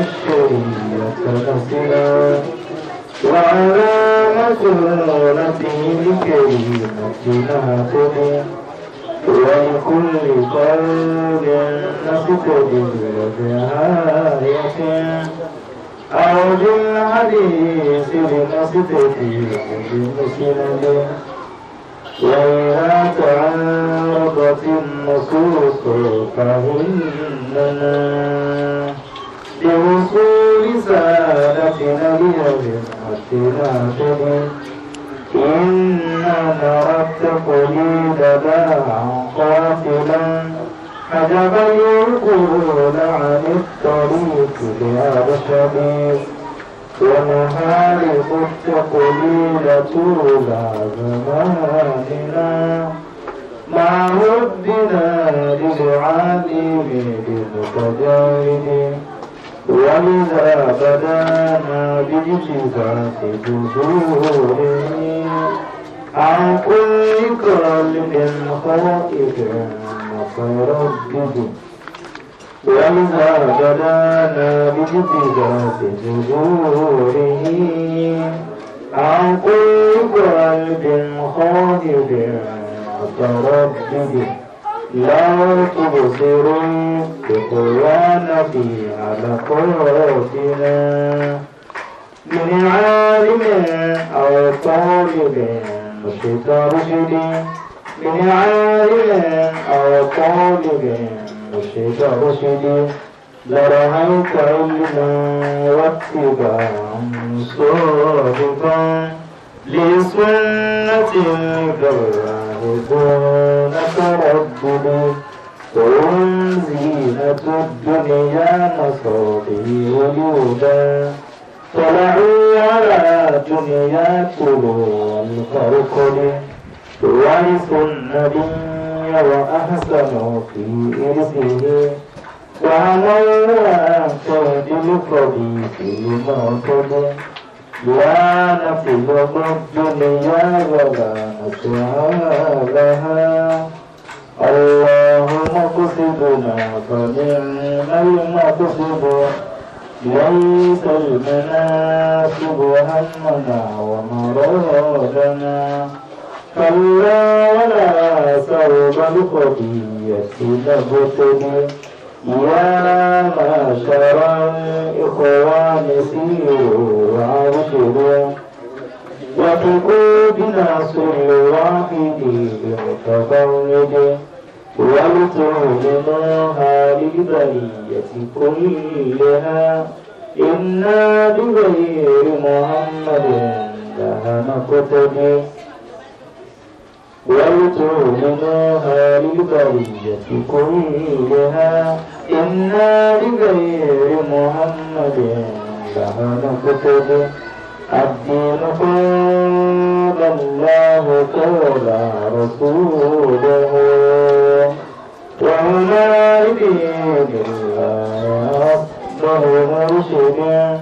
نفس وسنفنا وعلامة نبي لكي نجناتنا ولكل قول نقتدي بدعاية أو بالحديث لنقتدي بمسنده وإذا تعارضت النصوص فهننا بوصول سادتنا ليوم حتنا تدين إنا نرى التقليد داعا قاتلا عجبا يلقون عن الطريق لأبتدين ونحارب التقليد طول زماننا مع ربنا للعالم بالمتجاهدين وإذا بدانا بجدك بجذور عن كل قلب خائف متردد وإذا بدانا بجدك بجذوره عن كل قلب خائف متردد لو تبصروا بقوانا في علاقاتنا من عالم أو طالب رشد رشد من عالم أو طالب رشد رشد لرأيت علما واتباعا صادقا لسنة الجبار يبغونك ربهم قل زينة الدنيا مصابي وجودا طلعوا على دنيا طلوع القرقل وارث النبي وأحسن في إرثه وعلى تهدي القبيح المعتدل وأنا في الدنيا وما أجملها اللهم اقصدنا فنعم المقصد ليس المناسب همنا ومرادنا كلا ولا سرب الخطيئة نبتدئ يا معشر الإخوان سيروا وأرشدوا وتقوا بناصر الواحد المتفرد ولتعلموها للبرية كلها إنا بغير محمد لها نقتدي ويترونها للبرية كلها إنا بغير محمد لمنقتد الدين قال الله قال رسوله وهما بدين الله أفضل مرشدا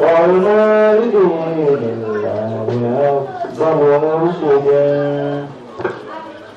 وهما بدين الله أفضل مرشدا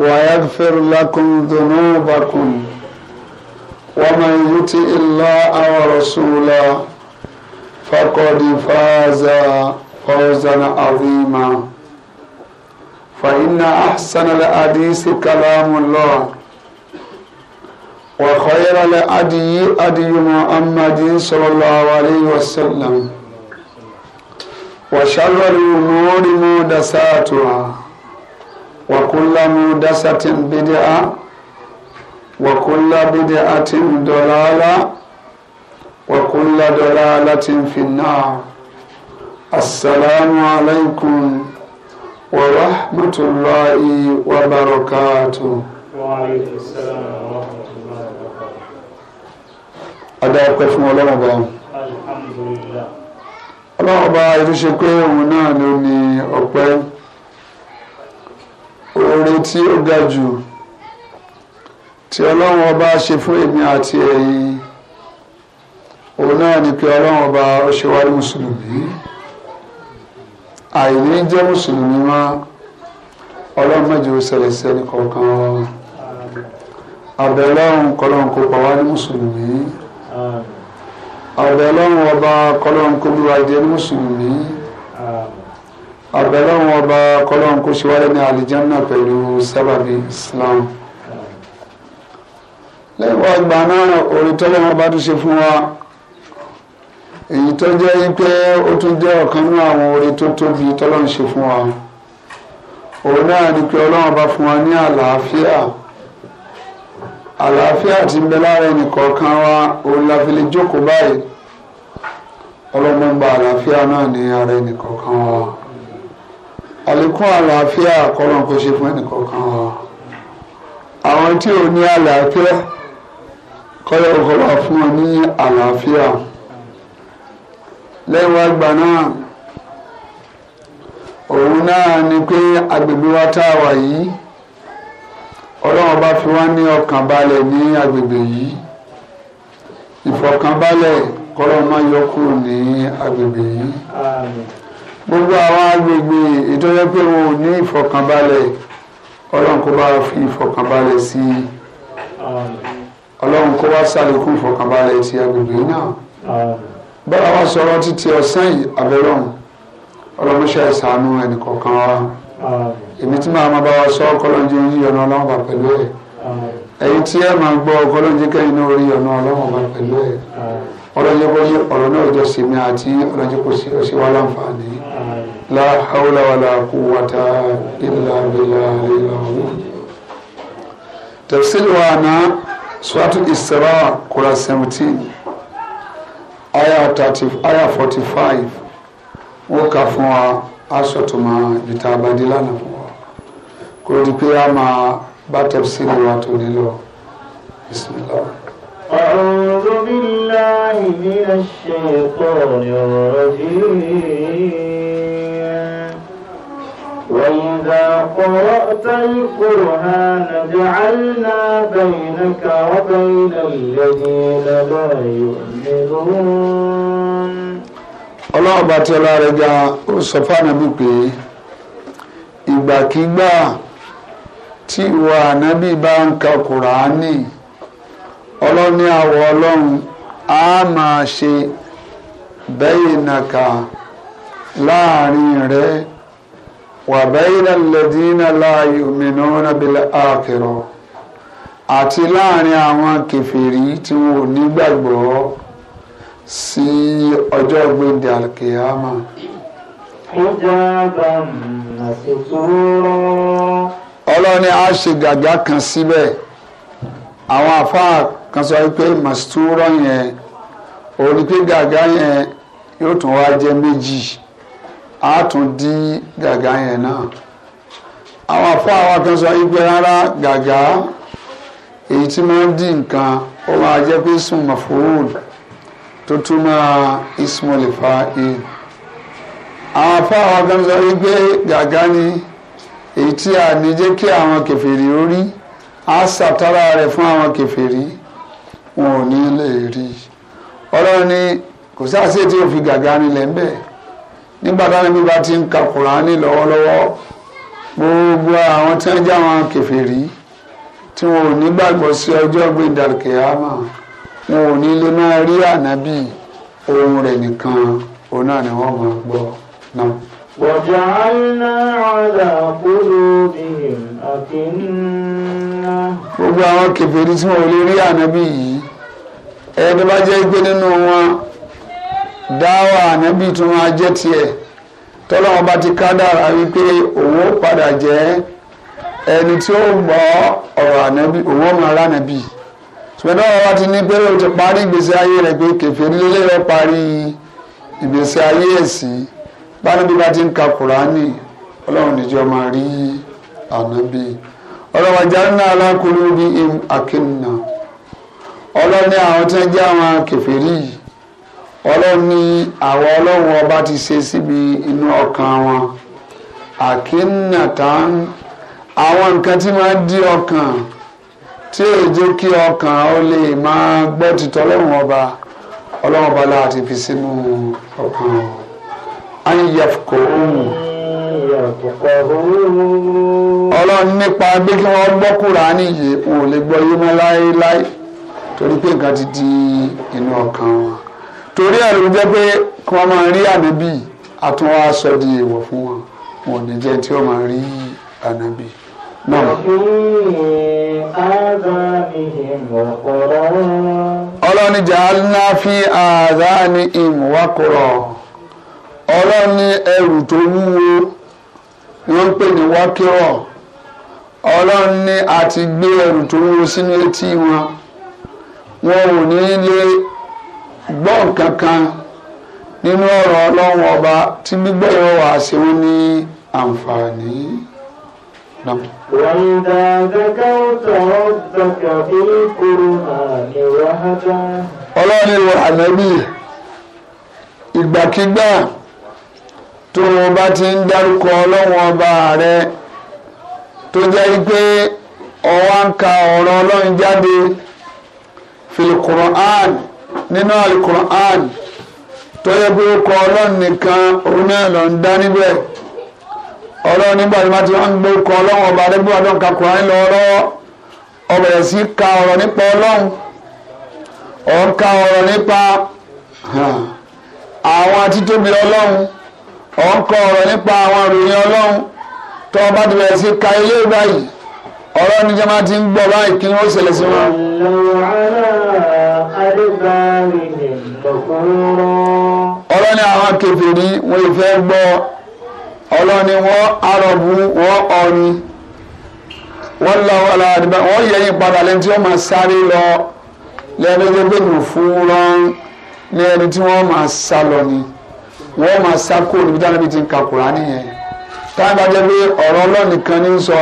ويغفر لكم ذنوبكم ومن يطع الله ورسوله فقد فاز فوزا عظيما فإن أحسن الحديث كلام الله وخير الأدي أدي محمد صلى الله عليه وسلم وشر الأمور محدثاتها وكل مودسة بدعة وكل بدعة ضلالة وكل ضلالة في النار السلام عليكم ورحمة الله وبركاته وعليكم السلام ورحمة الله وبركاته أدعوك في مولانا الحمد لله ọlọ́run bá irú pé òun náà ló ní ọpẹ́ oore tí ó ga jù tí ọlọ́run ọba ṣe fún èmi àti ẹ̀yin òun náà ni pé ọlọ́run ọba ó ṣe wá ní mùsùlùmí àìní jẹ́ mùsùlùmí mọ́ ọlọ́run mẹ́jọ ṣẹlẹ̀ sí ẹnì kọ̀ọ̀kan wọn àbẹ̀lọ́run kọlọ́run kó pa wá ní mùsùlùmí àbẹ̀lọ́run ọba kọlọ́run kó bí wá jẹ́ ní mùsùlùmí àbẹ̀lọ́wọ́n ọba kọ́lọ́n kó ṣíwájú ní àlìjánná pẹ̀lú sábàbí islam lẹ́yìn wá gbà náà orí tọ́lọ́wọ́n ọba tún ṣe fún wa èyí tó jẹ́ pé ó tún jẹ́ ọ̀kan nínú àwọn orí tó tóbi tọ́lọ́n ṣe fún wa òun náà ni pé ọlọ́wọ́n ọba fún wa ní àlàáfíà àlàáfíà tí ń bẹ lára ẹnì kọ̀ọ̀kan wa òun la fi lè jókòó báyìí ọlọ́mọ ń gba àlàáfíà náà ní ara ẹnì kọ̀ọ̀kan wa àlékún àlàáfíà kọ́lọ́n kó ṣe fún ẹnìkọ̀ọ̀kan wa àwọn tí ò ní àlàáfíà kọ́lọ́n kó wà fún ọ ní àlàáfíà lẹ́yìn wá gbà náà òun náà ni pé agbègbè wa tá a wà yìí ọlọ́run bá fi wá ní ọkàn balẹ̀ ní agbègbè yìí ìfọkànbalẹ̀ kọ́lọ́n máa yọ kúrò ní agbègbè yìí gbogbo àwọn agbègbè ìtọ́jọ́ pé wọn ò ní ìfọ̀kànbalẹ̀ ọlọ́run kó bá fi ìfọ̀kànbalẹ̀ sí i ọlọ́run kó wá sàlékún ìfọ̀kànbalẹ̀ sí agbègbè náà bọ́lá wa sọ̀rọ̀ títí ọ̀sán yìí abẹ́rọ̀hún ọlọ́run ṣe àìsànú ẹnì kọ̀ọ̀kan wa èmi tí màá máa bá wa sọ ọkọlọ́njẹ yí ọ̀nà ọlọ́run bá pẹ̀lú ẹ̀ ẹ̀yin tí ẹ máa gbọ́ ọkọlọ́njẹ kẹ́yìn náà rí ọ̀nà ọlọ́run bá pẹ̀lú ẹ̀ ọlọ́njẹ kó yí ọ̀rọ̀ náà jọ sí àti ọlọ́njẹ kó sí wa láǹfààní. la haula wala quwata illa billahi alazim. Tafsiri wana Suratul Isra kura 17 aya 30 aya 45 wọ́n kà fún wa aṣọ tó máa jìtà àbàdí lánàá fún wa kò rí pé a máa bá tafsiri wa tó nílò bismillah. أعوذ بالله من الشيطان الرجيم وإذا قرأت القرآن جعلنا بينك وبين الذين لا يؤمنون ọlọ́ọ̀bá tí ọlá rẹ̀ ga ó sọ fáànàbí pé ìgbàkigbà tí ìwà ànábì bá ń ka kùránì ọlọ́ni àwọ̀ ọlọ́run á máa ṣe bẹ́yìnàkà láàrin rẹ̀ وبين الذين لا يؤمنون بالآخرة àti láàrin àwọn kèfèrí tí wọn ò nígbàgbọ́ sí ọjọ́ gbèndé alkiyama. ọlọ́ni a ṣe gàgá kan síbẹ̀ àwọn àfáà kan sọ wípé màsítúrọ̀ yẹn orí pé gàgá yẹn yóò tún wá méjì. á tún gàgà yẹn náà àwọn àfọ àwọn kan sọ igbe rárá gàgà èyí tí máa ń dí nǹkan ó máa jẹ́ pé sùn mọ̀fóòl tó túmọ̀ ismail fa e àwọn kan sọ igbe gàgà ni èyí tí a ní jẹ́ kí àwọn kèfèrí orí á ṣàtàrà fún àwọn kèfèrí wọn ò ní lè rí ni kò sáà sí ètò òfin gàgà nígbà táwọn nígbà tí ń ka kùránì lọ́wọ́lọ́wọ́ gbogbo àwọn tí wọ́n jẹ́ àwọn kèfèrí tí wọn ò nígbàgbọ́ sí ọjọ́ gbẹ̀dàkẹ́yàmà wọn ò ní lè máa rí ànábì ohun rẹ̀ nìkan òun náà ni wọ́n máa gbọ́ náà. وجعلنا على قلوبهم أكنة gbogbo àwọn kèfèrí tí wọn ò lè rí ànábì yìí ẹni bá jẹ́ gbé nínú wọn dáwà ànábì tún máa jẹ́ tiẹ̀ tọ́lọ́wọ́n bá ti kádàrà wípé òun ó padà jẹ́ ẹni tí ó gbọ́ ọ̀rọ̀ ànábì òun ó máa ránàbì ṣùgbọ́n ọ̀rọ̀ wa ti ní pé ó ti parí ìgbésí ayé rẹ̀ pé kẹfẹ́ nílé rẹ̀ parí ìgbésí ayé ẹ̀sìn báníbi bá ti ń ka kùránì ọlọ́run níjọ́ máa rí ànábì ọlọ́wọ́ jáná alákùnrin bíi akéwìnà ọlọ́ni àwọn tí wọ́n jẹ́ àwọn kẹfẹ́ rí yìí ọlọ́run ní àwọn ọlọ́run ọba ti ṣe síbi inú ọkàn wọn àkínnàtàn àwọn nǹkan tí máa dí ọkàn tí ò jẹ́ kí ọkàn ó lè máa gbọ́ títọ́ ọlọ́run ọba ọlọ́run ọba láti fi sínú ọkàn wọn. ayíyàfukọ ohun ọlọ́run nípa gbé kí wọ́n gbọ́ Kùránì yìí ò lè gbọ́ yé mọ́ láéláé torí pé nǹkan ti di inú ọkàn wọn. torí ẹ̀ ló jẹ pé kí wọ́n máa rí ànábì àtúnwá aṣọ di èèwọ̀ fún wọn wọn ò ní jẹ́ tí wọ́n máa rí ànábì náà. ọlọ́ni jàǹdà fi àdá ni ọlọ́ni ẹrù tó wúwo wọ́n ń pè ní wákìrọ̀ ọlọ́run a ti gbé ẹrù tó wúwo sínú etí wọn wọn ò ní gbọ́ nǹkan kan nínú ọ̀rọ̀ ọlọ́run ọba tí gbígbọ́ yóò wá sí wọn ní àǹfààní. وإذا ذكرت ربك في القرآن وحده. ọlọ́run ìwọ ànábì ìgbàkigbà tó o bá ti ń dárúkọ ọlọ́run ọba rẹ tó jẹ́ pé ọwọ́ ń ka ọ̀rọ̀ ọlọ́run jáde fil Qur'an nínú alukur'an tó yẹ pé ó kọ ọlọ́run nìkan òun náà lọ ń dá níbẹ̀ ọlọ́run nígbà tí wọ́n ti wọ́n ń gbé kọ ọlọ́run ọba adébúrò ọdún kakura ńlọ ọlọ́wọ́ ọbẹ̀rẹ̀ sí ka ọ̀rọ̀ nípa ọlọ́run ọ̀ka ọ̀rọ̀ nípa àwọn àtitóbi ọlọ́run ọ̀ka ọ̀rọ̀ nípa àwọn ìròyìn ọlọ́run tó ọba ti bẹ̀rẹ̀ sí ka ilé ìgbà ọ̀rọ̀ ni jẹ́ máa ti ń gbọ́ báyìí kí wọ́n ṣẹlẹ̀ sí wọn. ọ̀rọ̀ ni àwọn kèfèrí wọ́n ìfẹ́ gbọ́ ọ̀rọ̀ ni wọ́n arọ̀bù wọ́n ọ̀rin wọ́n lọ wọ́n àdìbà wọ́n yẹ̀yìn padà lẹ́ni tí wọ́n máa sáré lọ lẹ́ni tó gbẹ̀gbẹ̀ fún rán ní ẹni tí wọ́n máa sá lọ ni wọ́n máa sá kúrò níbi tí wọ́n ti ń ka Kùránì yẹn táwọn bá jẹ́ pé ọ̀rọ̀ Ọlọ́run nìkan ní ń sọ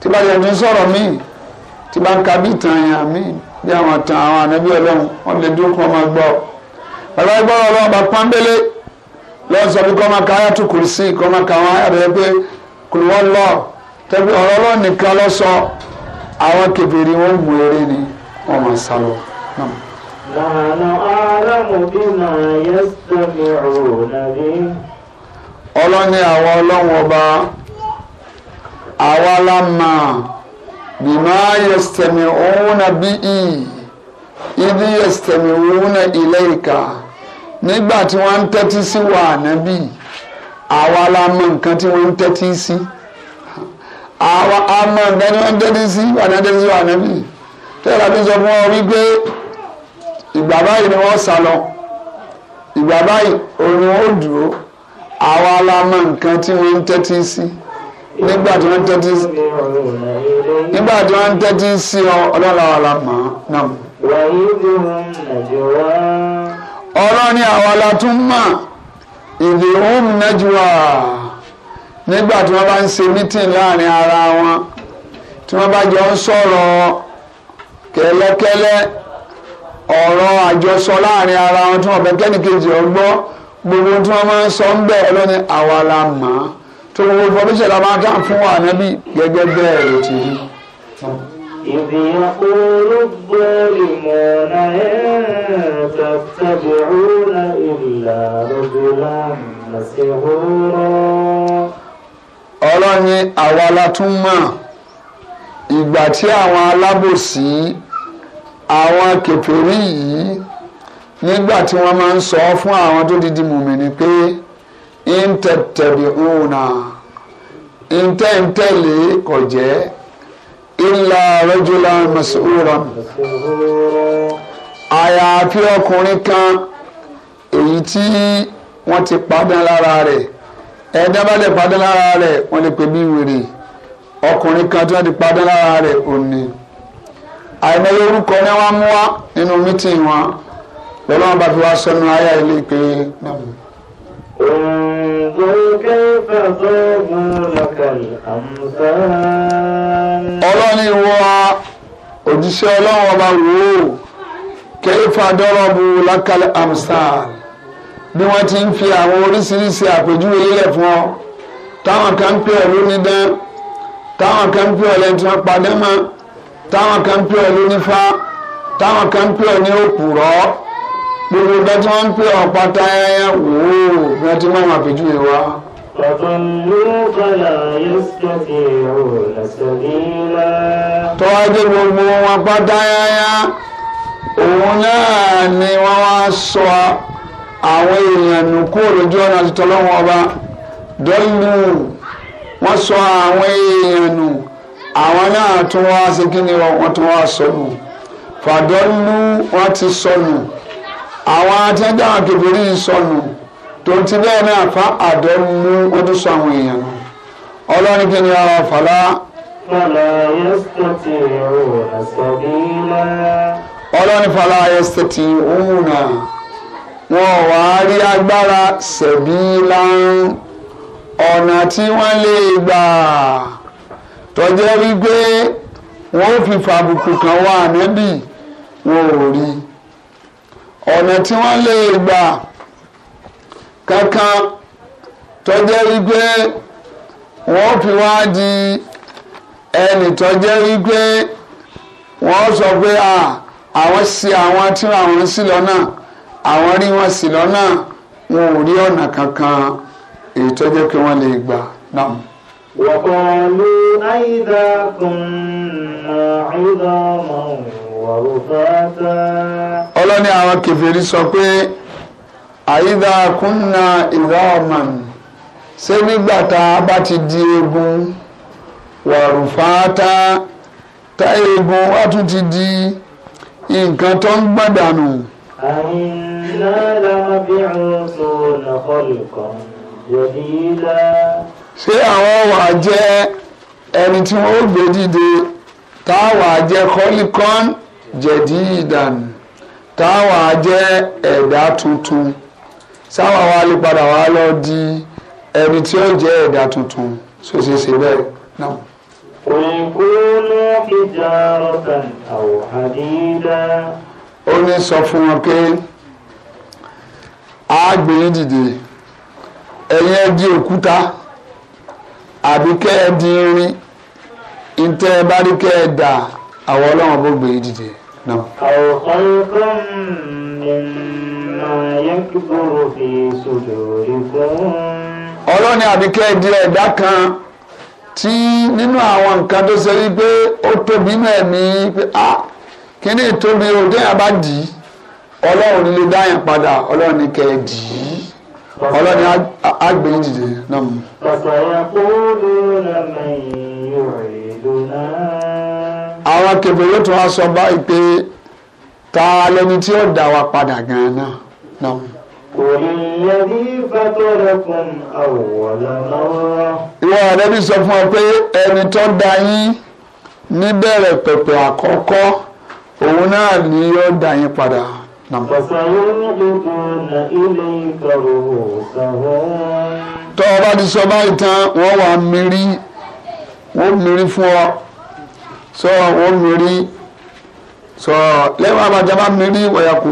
tí bá yẹ ní sọ̀rọ̀ míì tí bá ń ka bí ìtàn yẹn míì bí àwọn ìtàn àwọn ànábì ọlọ́run wọn lè dúró kí wọ́n máa gbọ́ bàbá ìgbọ́rọ̀ ọlọ́run bá pọ́nbélé lọ́wọ́ sọ pé kọ́ máa ka ayatu kùrìsì kọ́ máa ka àwọn ayàtọ̀ yẹn pé kùrìwọ́n lọ tẹ́bí ọ̀rọ̀ ọlọ́run nìkan lọ sọ àwọn kèfèrí wọn mú eré ni wọ́n máa sá lọ ọlọ́ni àwọn ọlọ́run ọba àwa la mà bìmá yẹsẹ̀mì òun na bí i ibi na ilé ìka nígbà tí wọ́n ń tẹ́tí sí wa ànábì àwa la mọ nǹkan tí wọ́n ń tẹ́tí sí àwa a mọ nǹkan tí wọ́n ń tẹ́tí sí wà ní tẹ́tí sí wa ànábì tẹ́lá tó sọ fún ọ wípé ìgbà báyìí ni wọ́n sá lọ ìgbà báyìí òun ó dúró àwa la mọ nǹkan tí wọ́n ń tẹ́tí sí nígbà tí wọ́n tẹ́tí nígbà tí wọ́n tẹ́tí sí ọ ọlọ́run àlá mọ̀ náà. ọlọ́run ni àwọn alátún mọ̀ ìdè òun nàjúwà nígbà tí wọ́n bá ń ṣe mítìn láàrin ara wọn tí wọ́n bá jọ ń sọ̀rọ̀ kẹ́lẹ́kẹ́lẹ́ ọ̀rọ̀ àjọsọ láàrin ara wọn tí wọ́n bẹ kẹ́nìkejì ọgbọ́ gbogbo tí wọ́n máa ń sọ ń bẹ̀ lónìí àwa la mọ̀ ọ́ so gbogbo information la máa kàn fún ànábì gẹ́gẹ́ bẹ́ẹ̀ ló ti rí. إذ يقول الظالمون إن تتبعون إلا رجلا مسحورا ọlọ́ni àwa la tún mọ̀ ìgbà tí àwọn alábòsí àwọn kèfèrí yìí nígbà tí wọ́n máa ń sọ fún àwọn tó di di mùmínì pé intẹ̀tẹ̀bìúnà intẹ̀ntẹ̀lé kò jẹ́ illa rajulan mas'uran àyàfi ọkùnrin kan èyí tí wọ́n ti padàn lára rẹ̀ ẹ̀ẹ́dá bá dẹ̀ padàn lára rẹ̀ wọ́n lè pè bí wèrè ọkùnrin kan tí wọ́n ti padàn lára rẹ̀ òní àìmọye orúkọ ni wọ́n mú wá nínú mítìn wọn lọ́lọ́run bá fi wá sọ́nù ayá ilé pé náà. انظر كيف ضربوا لك الأمثال ọlọ́ni wa òjíṣẹ́ ọlọ́run ọba wò ó kẹ́fà dọ́rọ̀bù lákàlẹ̀ amsal bí wọ́n ti ń fi àwọn oríṣiríṣi àpèjúwe lélẹ̀ fún ọ táwọn kan pè ọ́ lóní dán táwọn kan pè ọ́ lẹ́ni tí wọ́n mọ́ táwọn kan pè ọ́ lóní fá táwọn kan pè ọ́ ní òpùrọ́ gbogbo ìgbà tí wọ́n ń pè ọ́ pátá wò ó ìgbà tí wọ́n máa fìjú ìwà. tọ́wọ́ dé gbogbo wọn pátá yáyá òun náà ni wọ́n wá sọ àwọn èèyàn nù kúrò lójú ọ̀nà àti tọ́lọ́wọ́n ọba dọ́lù wọ́n sọ àwọn èèyàn nù àwọn náà tún wá ṣe kí ni wọ́n tún wá sọnù fàdọ́lù wọ́n ti sọnù. So àwọn atẹ́gbẹ́ àkèbèrè sọnù tó ti bẹ́ẹ̀ náà fa àdọ́ mú ọdún sọ àwọn èèyàn nù ọlọ́run kí ni ara fàlà. fàlà yẹ́sítẹ́ ti rò àṣẹ̀bílá. ọlọ́run fàlà yẹ́sítẹ́ ti náà wọn ò wá rí agbára láàrín ọ̀nà tí wọ́n lè gbà tọ́jú wípé ọ̀nà tí wọ́n lè gbà kankan tó wípé wọ́n fi wá di ẹnì tó wípé wọ́n sọ pé àwọn sí àwọn tí àwọn sí lọ́nà àwọn rí wọn sí lọ́nà wọn ò rí ọ̀nà kankan èyí tó pé wọ́n lè gbà náà. وقالوا أئذا كنا ọlọ́ni àwọn kèfèrí sọ pé àyíká kúnna ìwà ọ̀màn ṣé nígbà tá a bá ti di eegun wàrúfáátá tá eegun wá tún ti di nǹkan tó ń gbọ́n àyìnlá làwọn bí àwọn sọ ọ̀nà kọlù yọ̀dí ilá. ṣé àwọn wà jẹ́ ẹni tí wọ́n ó gbé dìde táwa jẹ́ kọ́líkọ́n jẹ̀díìdàn táwa jẹ́ ẹ̀dá tuntun sáwa wa lè padà wá lọ di ẹni tí ó jẹ́ ẹ̀dá tuntun sòṣèṣe bẹ́ẹ̀ náà. òǹkóònù ìjà rọ̀tà àwọn àdídá. ó ní sọ fún wọn pé a gbé yín dìde ẹ̀yin ẹ di òkúta àbí kẹ́ ẹ di irin ìtẹ́ ẹ bá rí kẹ́ ẹ dà àwọn ọlọ́run bó gbé yín dìde. No. أو خلقا مما يكبر في صدوركم ọlọ́ni àbíkẹ́ di ẹ̀dá kan tí nínú àwọn nǹkan tó ṣe wípé ó tóbi náà ní pé a kíní ìtóbi o déyàn bá dì í ọlọ́run lè dáyàn padà ọlọ́run ní kẹ́ ẹ dì í ọlọ́ni àgbẹ̀ yín náà. bàtà yà kó lóun náà yóò rí lónà àwọn kèfèrí tó wá sọ báyìí pé ta lẹni tí ó dá wa padà gan-an náà. Ìwọ àdẹ́bí sọ fún ọ pé ẹni tó dá yín níbẹ̀rẹ̀ pẹ̀pẹ̀ àkọ́kọ́ òun náà ni yóò dá yín padà. Tọ́ ọ bá ti sọ báyìí tán, wọ́n wà mírí, wọ́n mírí fún ọ so wọ́n mi rí so lẹ́wọ̀n àbájábá mi rí wọ̀yàkù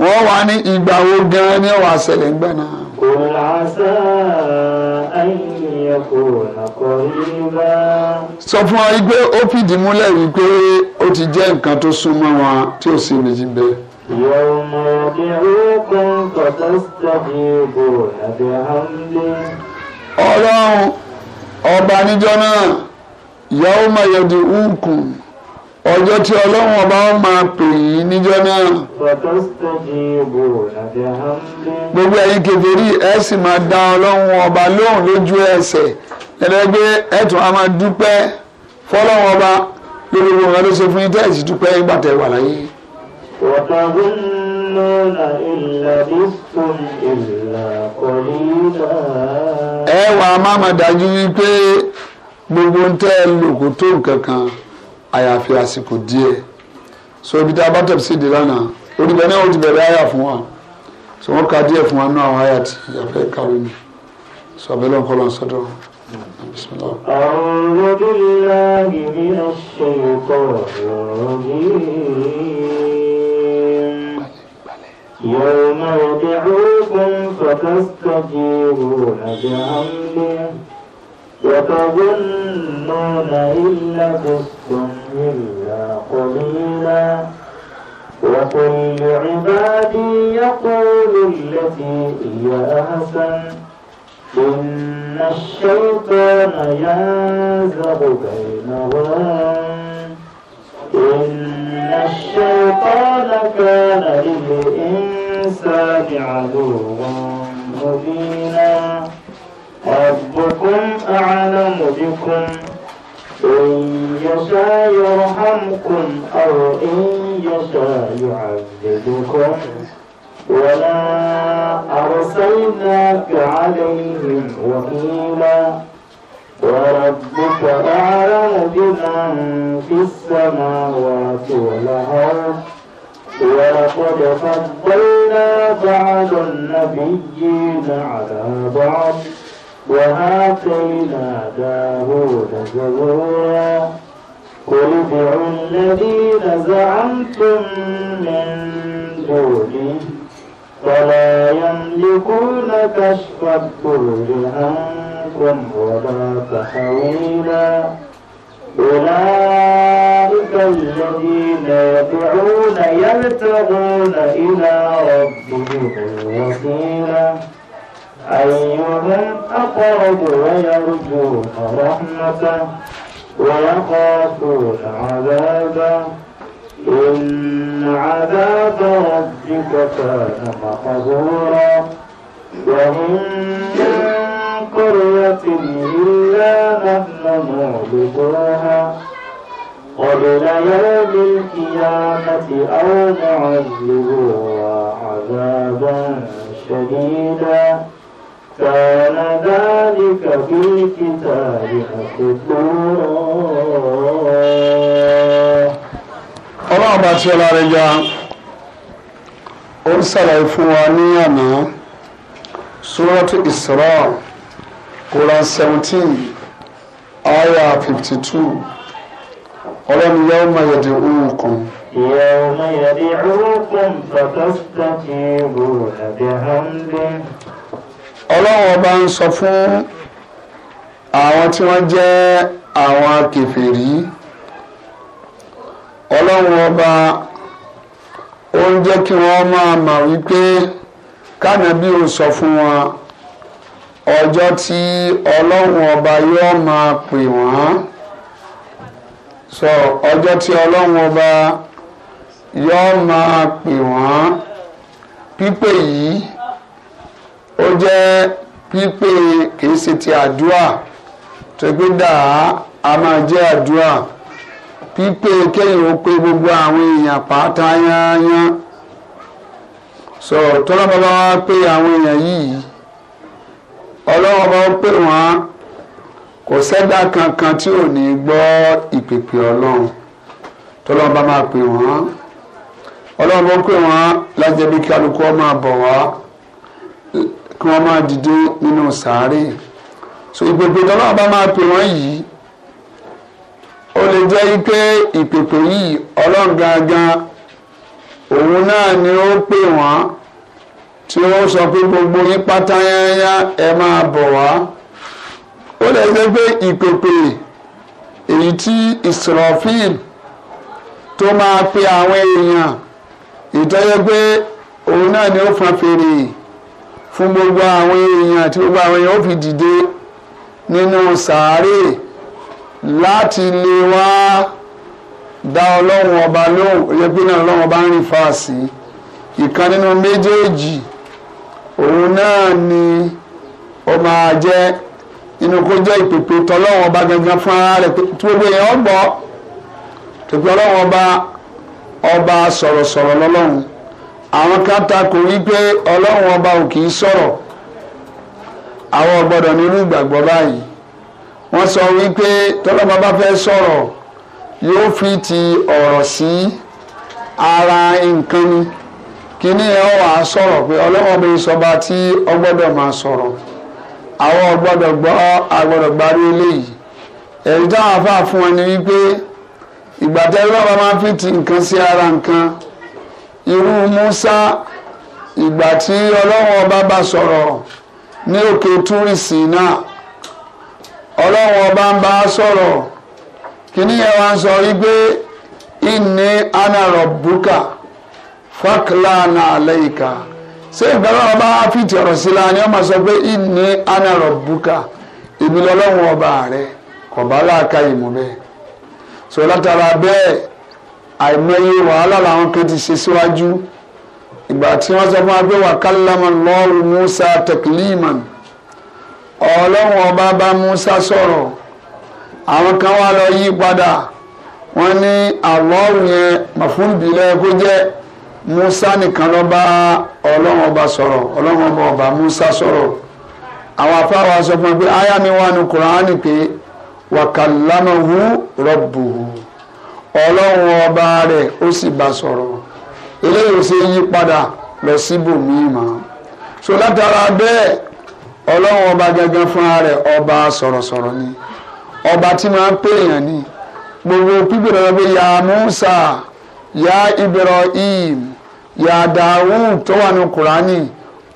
wọ́n wà ní ìgbà wo gan ni ọ̀wà ṣẹlẹ̀ ń gbà náà. kò lásà ayẹyẹ kò nàkọ nígbà. sọ fún wa wípé ó fìdí múlẹ̀ wípé ó ti jẹ́ nǹkan tó súnmọ́ wọn tí ó sì méjì bẹ́ẹ̀. يوم يدعوكم فتستجيبون بحمده ọlọ́run ọba níjọ́ náà yàwó máa yẹ di ukùn ọjọ́ tí ọlọ́run ọba ó máa pè yín níjọ́ náà. gbogbo ẹ̀yin kèfèrí ẹ sì máa dá ọlọ́run ọba lóhùn lójú ẹsẹ̀ ẹlẹ́gbẹ́ ẹ̀tún á máa dúpẹ́ fọlọ́run ọba lórí gbogbo nǹkan ló ṣe fún yín tẹ́ẹ̀sì dúpẹ́ ìgbà tẹ́ wà láyé. wọ́n ta wọ́n تمسون إن لبثتم إلا قليلا ẹ wà á má má dájú wípé gbogbo ń tẹ́ ẹ tó nǹkan kan àyàfi àsìkò díẹ̀ so ibi tá a bá tẹ̀ sí ìdí lánàá olùgbẹ́ náà ó ti bẹ̀rẹ̀ àyà fún wa so wọ́n ka díẹ̀ fún wa nínú àwọn àyà tí ìyàfẹ́ kàwé ni so abẹ́lẹ́ ń kọ́ lọ́n sọ́dọ̀ bisimilah. أعوذ بالله من الشيطان الرجيم يوم يدعوكم فتستجيبون بعمله وتظنون إن لبثتم إلا قليلا وقل لعبادي يقول التي هي أحسن إن الشيطان ينزغ بينهم إن إن الشيطان كان للإنسان عدوا مبينا ربكم أعلم بكم إن يشاء يرحمكم أو إن يشاء يعذبكم ولا أرسلناك عليهم وكيلا وربك أعلم بمن في السماوات والأرض ولقد فضلنا بعض النبيين على بعض وآتينا داود زبورا قل ادعوا الذين زعمتم من دونه فلا يملكون كشف الضر عنهم منكم ولا تحويلا أولئك الذين يدعون يبتغون إلى ربهم الوسيلة أيهم أقرب ويرجون رحمته ويخافون عذابه إن عذاب ربك كان محظورا وإن قرية إلا نحن مهلكوها قبل يوم القيامة أو معذبوها عذابا شديدا كان ذلك في الكتاب مكتورا ọlọ́run bá tí ọlá rẹ̀ já ó ń ṣàlàyé fún wa ní àná Suratul Isra Quran seventeen aya fifty two ọlọ́ni yẹ́wò máa yẹ di òun kan. يوم يدعوكم فتستجيبون بحمده ọlọ́run ọba ń sọ fún àwọn tí wọ́n jẹ́ àwọn kèfèrí ọlọ́run ọba ó ń jẹ́ kí wọ́n máa mà wípé kánàbí ò sọ fún wọn ọjọ́ tí ọlọ́run ọba yóò máa pè wọ́n so ọjọ́ tí ọlọ́run ọba yóò máa pè wọ́n pípè yìí ó jẹ́ pípè kìí ṣe ti àdúrà tó gbé dàá a máa jẹ́ àdúrà pípé kéèyàn ó pé gbogbo àwọn èèyàn pátá yányán so tọ́lá bàbá wa pé àwọn èèyàn yìí ọlọ́run bá ń pè wọ́n kò sẹ́dá kankan tí ò ní gbọ́ ìpèpè ọlọ́run tọ́lọ́run bá máa pè wọ́n ọlọ́run bá ń pè wọ́n lájẹbí kí alukó máa bọ̀ wá kí wọ́n máa dìde nínú sàárè so ìpèpè tọ́lọ́run bá máa pè wọ́n yìí ó lè jẹ́ pé ìpèpè yìí ọlọ́run gangan òun náà ni ó pè wọ́n tí ó sọ pé gbogbo yín pátá yányá ẹ máa bọ̀ wá ó lè ṣe pé ìpèpè èyí tí Israfil tó máa pe àwọn èèyàn ìtọ́jọ́ pé òun náà ni ó fa fèrè fún gbogbo àwọn èèyàn tí gbogbo àwọn èèyàn ó fi dìde nínú sàárè láti lè wá dá ọlọ́run ọba lóhùn ó yẹ pé náà ọlọ́run ọba ń rìn fáàsì ìkan nínú méjèèjì. òun náà ni ó máa jẹ inú kó jẹ ìpèpè ọba gangan fún ara rẹ̀ tí gbogbo ọba ọba sọ̀rọ̀sọ̀rọ̀ lọ́lọ́run àwọn kan kò pé ọba ò kì í sọ̀rọ̀ àwọn nínú ìgbàgbọ́ báyìí sọ wípé ọba fẹ́ sọ̀rọ̀ yóò fi ti ọ̀rọ̀ sí ara nǹkan ni. kíní ẹ wà á sọ̀rọ̀ pé ọlọ́wọ́n bí sọba tí ọgbọ́dọ̀ máa sọ̀rọ̀ àwọn ọgbọ́dọ̀ gbọ́ agbọ́dọ̀ gbarí eléyìí ẹ̀rí táwọn fún ni wípé ìgbà tẹ́lẹ̀ bá máa fi ti nǹkan ara nǹkan irú Musa ìgbà tí ọlọ́wọ́n ọba bá sọ̀rọ̀ ní òkè túrìsì náà ń bá sọ̀rọ̀ kíní sọ wípé ìní rọ̀ fákìlánà àlẹ́yìká ṣé ìgbàlọ́ ọba fìtì ọ̀rọ̀ sí la ni wọ́n máa sọ pé ìní anarọ̀ buka ìbí lọ́lọ́run ọba rẹ̀ kọ̀bá láàka ìmú bẹ́ẹ̀ sọ látara bẹ́ẹ̀ àìmọye wàhálà làwọn kan ti ṣe síwájú ìgbà tí wọ́n sọ fún wa pé wàkàlámà lọ́ọ̀rù Musa tẹkílíman ọlọ́run ọba bá Musa sọ̀rọ̀ àwọn kan wá lọ yí padà wọ́n ní àlọ́ọ̀rù yẹn màfúrúbì lẹ́ẹ̀kọ́ jẹ́ Musa nìkan lọ bá ọlọ́run ọba sọ̀rọ̀ ọlọ́run ọba Musa sọ̀rọ̀ àwọn afọ sọ fún mi pé aya mi wà ní Kùránì pé wàkàlámọ̀hù rọ̀bùhù ọlọ́run ọba rẹ̀ ó sì bá sọ̀rọ̀ eléyìí yí padà lọ so látara bẹ́ẹ̀ ọlọ́run ọba gẹ́gẹ́ rẹ̀ ọba ni ọba tí máa ń ni gbogbo pípẹ́ lọ́wọ́ pé ya Musa ya Ibrahim yàdàrú tó wà ní kùránì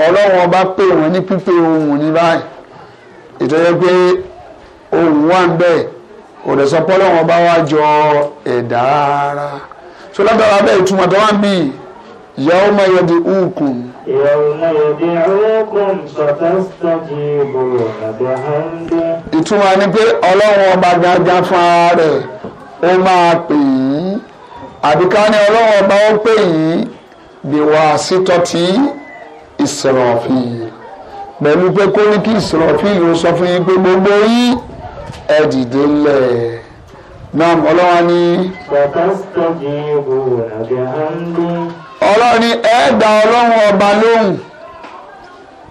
ọlọ́run ọba pè wọ́n ní pípé ohùn ní báyìí ìtọ́jú pé ohùn wà ń bẹ̀ kò dẹ̀ sọ pọ́lọ́run ọba wá jọ ẹ̀dá rárá so lábẹ́rẹ́ abẹ́ ìtumọ̀ tó wà ń yàwó máa yọ di ùkùn. yàwó máa yọ di ùkùn sọtẹ́sítẹ́jì ìbòrò àbẹ̀hánde. ìtumọ̀ ni pé ọlọ́run ọba gangan fún ara rẹ̀ ó máa pè yín àbíká ni ọlọ́run ọba ó pè yín biwasitati Israfil pẹ̀lú pé kó ní kí Israfil ló sọ fún yín pé gbogbo yín ẹ dìde lẹ̀ náà ọlọ́wọ́n ní. ọlọ́run ní ẹ da ọlọ́run ọba lóhùn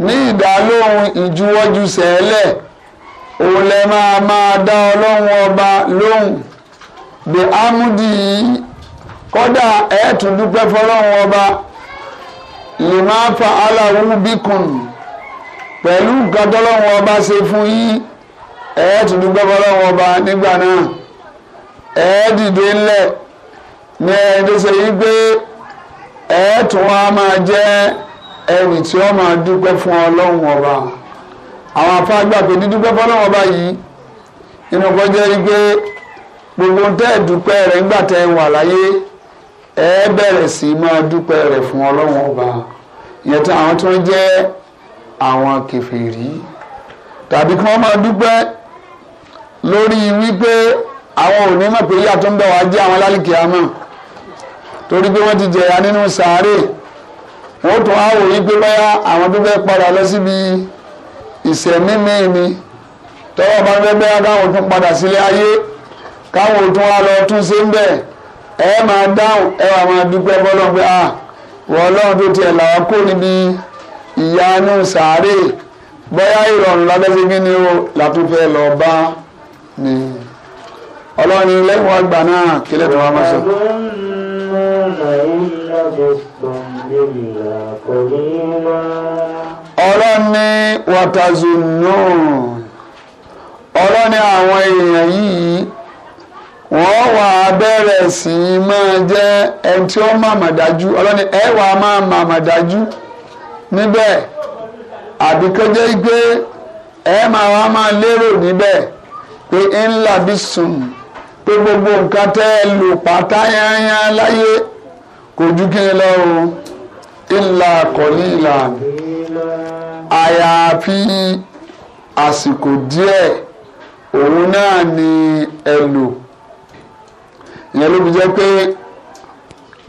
ní ìdálóhùn ìjuwọ́jú sẹ́lẹ̀ òun lẹ máa máa dá ọlọ́run ọba lóhùn bí amúdí yìí kódà ẹ tún dúpẹ́ fọlọ́run ọba lè má fa aláwo bíkùn pẹ̀lú nǹkan tọ́lọ́run ọba ṣe fún yín ẹ tún dúpẹ́ fọlọ́run ọba nígbà náà ẹ dìde ńlẹ̀ ní ẹni tó ṣe yí pé ẹ tún wá máa jẹ́ ẹni tí ó máa dúpẹ́ fún ọlọ́run ọba àwọn afáàgbà pé dídúpẹ́ fọlọ́run ọba yìí nínú ọkọ̀ jẹ́ wípé gbogbo tẹ́ẹ̀dúpẹ́ rẹ̀ ńgbà tẹ́ ẹ wà láyé ẹ bẹ̀rẹ̀ sí máa dúpẹ́ rẹ̀ fún ọlọ́run ọba ìyẹn tí àwọn tó ń jẹ́ àwọn kèfèrí tàbí kí wọ́n máa dúpẹ́ lórí wípé àwọn ò ní mọ̀ pé yíyà tó ń bẹ̀ wá jẹ́ àwọn lálìkí àmọ́ torí pé wọ́n ti jẹ̀yà nínú sàárè wọ́n tún á wò wípé báyà àwọn tó fẹ́ padà lọ síbi ìṣẹ̀mí ni tọ́wọ́ bá fẹ́ bẹ́ẹ̀ káwọn tún padà sílé ayé káwọn tún á lọ tún ṣe ń bẹ́ẹ̀ ẹ máa dáhùn ẹ wà máa dúpẹ́ bọ́lọ́n pé ah wọ́n ọlọ́run tó tiẹ̀ làwọn kó níbi ìyanu sàárè bóyá ìrọ̀rùn lábẹ́sẹ̀ kí ni ó látúfẹ́ lọ bá ni ọlọ́run lẹ́yìn wọn gbà náà kílẹ̀ tó wá máa sọ. ọlọ́run ní wàtazùnú ọlọ́run ní àwọn èèyàn yìí. wọ́n wà á bẹ̀rẹ̀ sí í máa jẹ́ ẹni tí ó máa mà dájú ọlọ́ni ẹ wà á máa mà mà dájú níbẹ̀ àbí kó jẹ́ pé ẹ máa wá máa lérò níbẹ̀ pé ńlá bí sùn pé gbogbo nǹkan tẹ́ ẹ lò pátá yányá láyé kò ju kí n lọ o ńlá kọ̀ọ̀lì ìlànà àyàfi àsìkò díẹ̀ òun náà ni ẹ lò. ìyẹn ló fi jẹ́ pé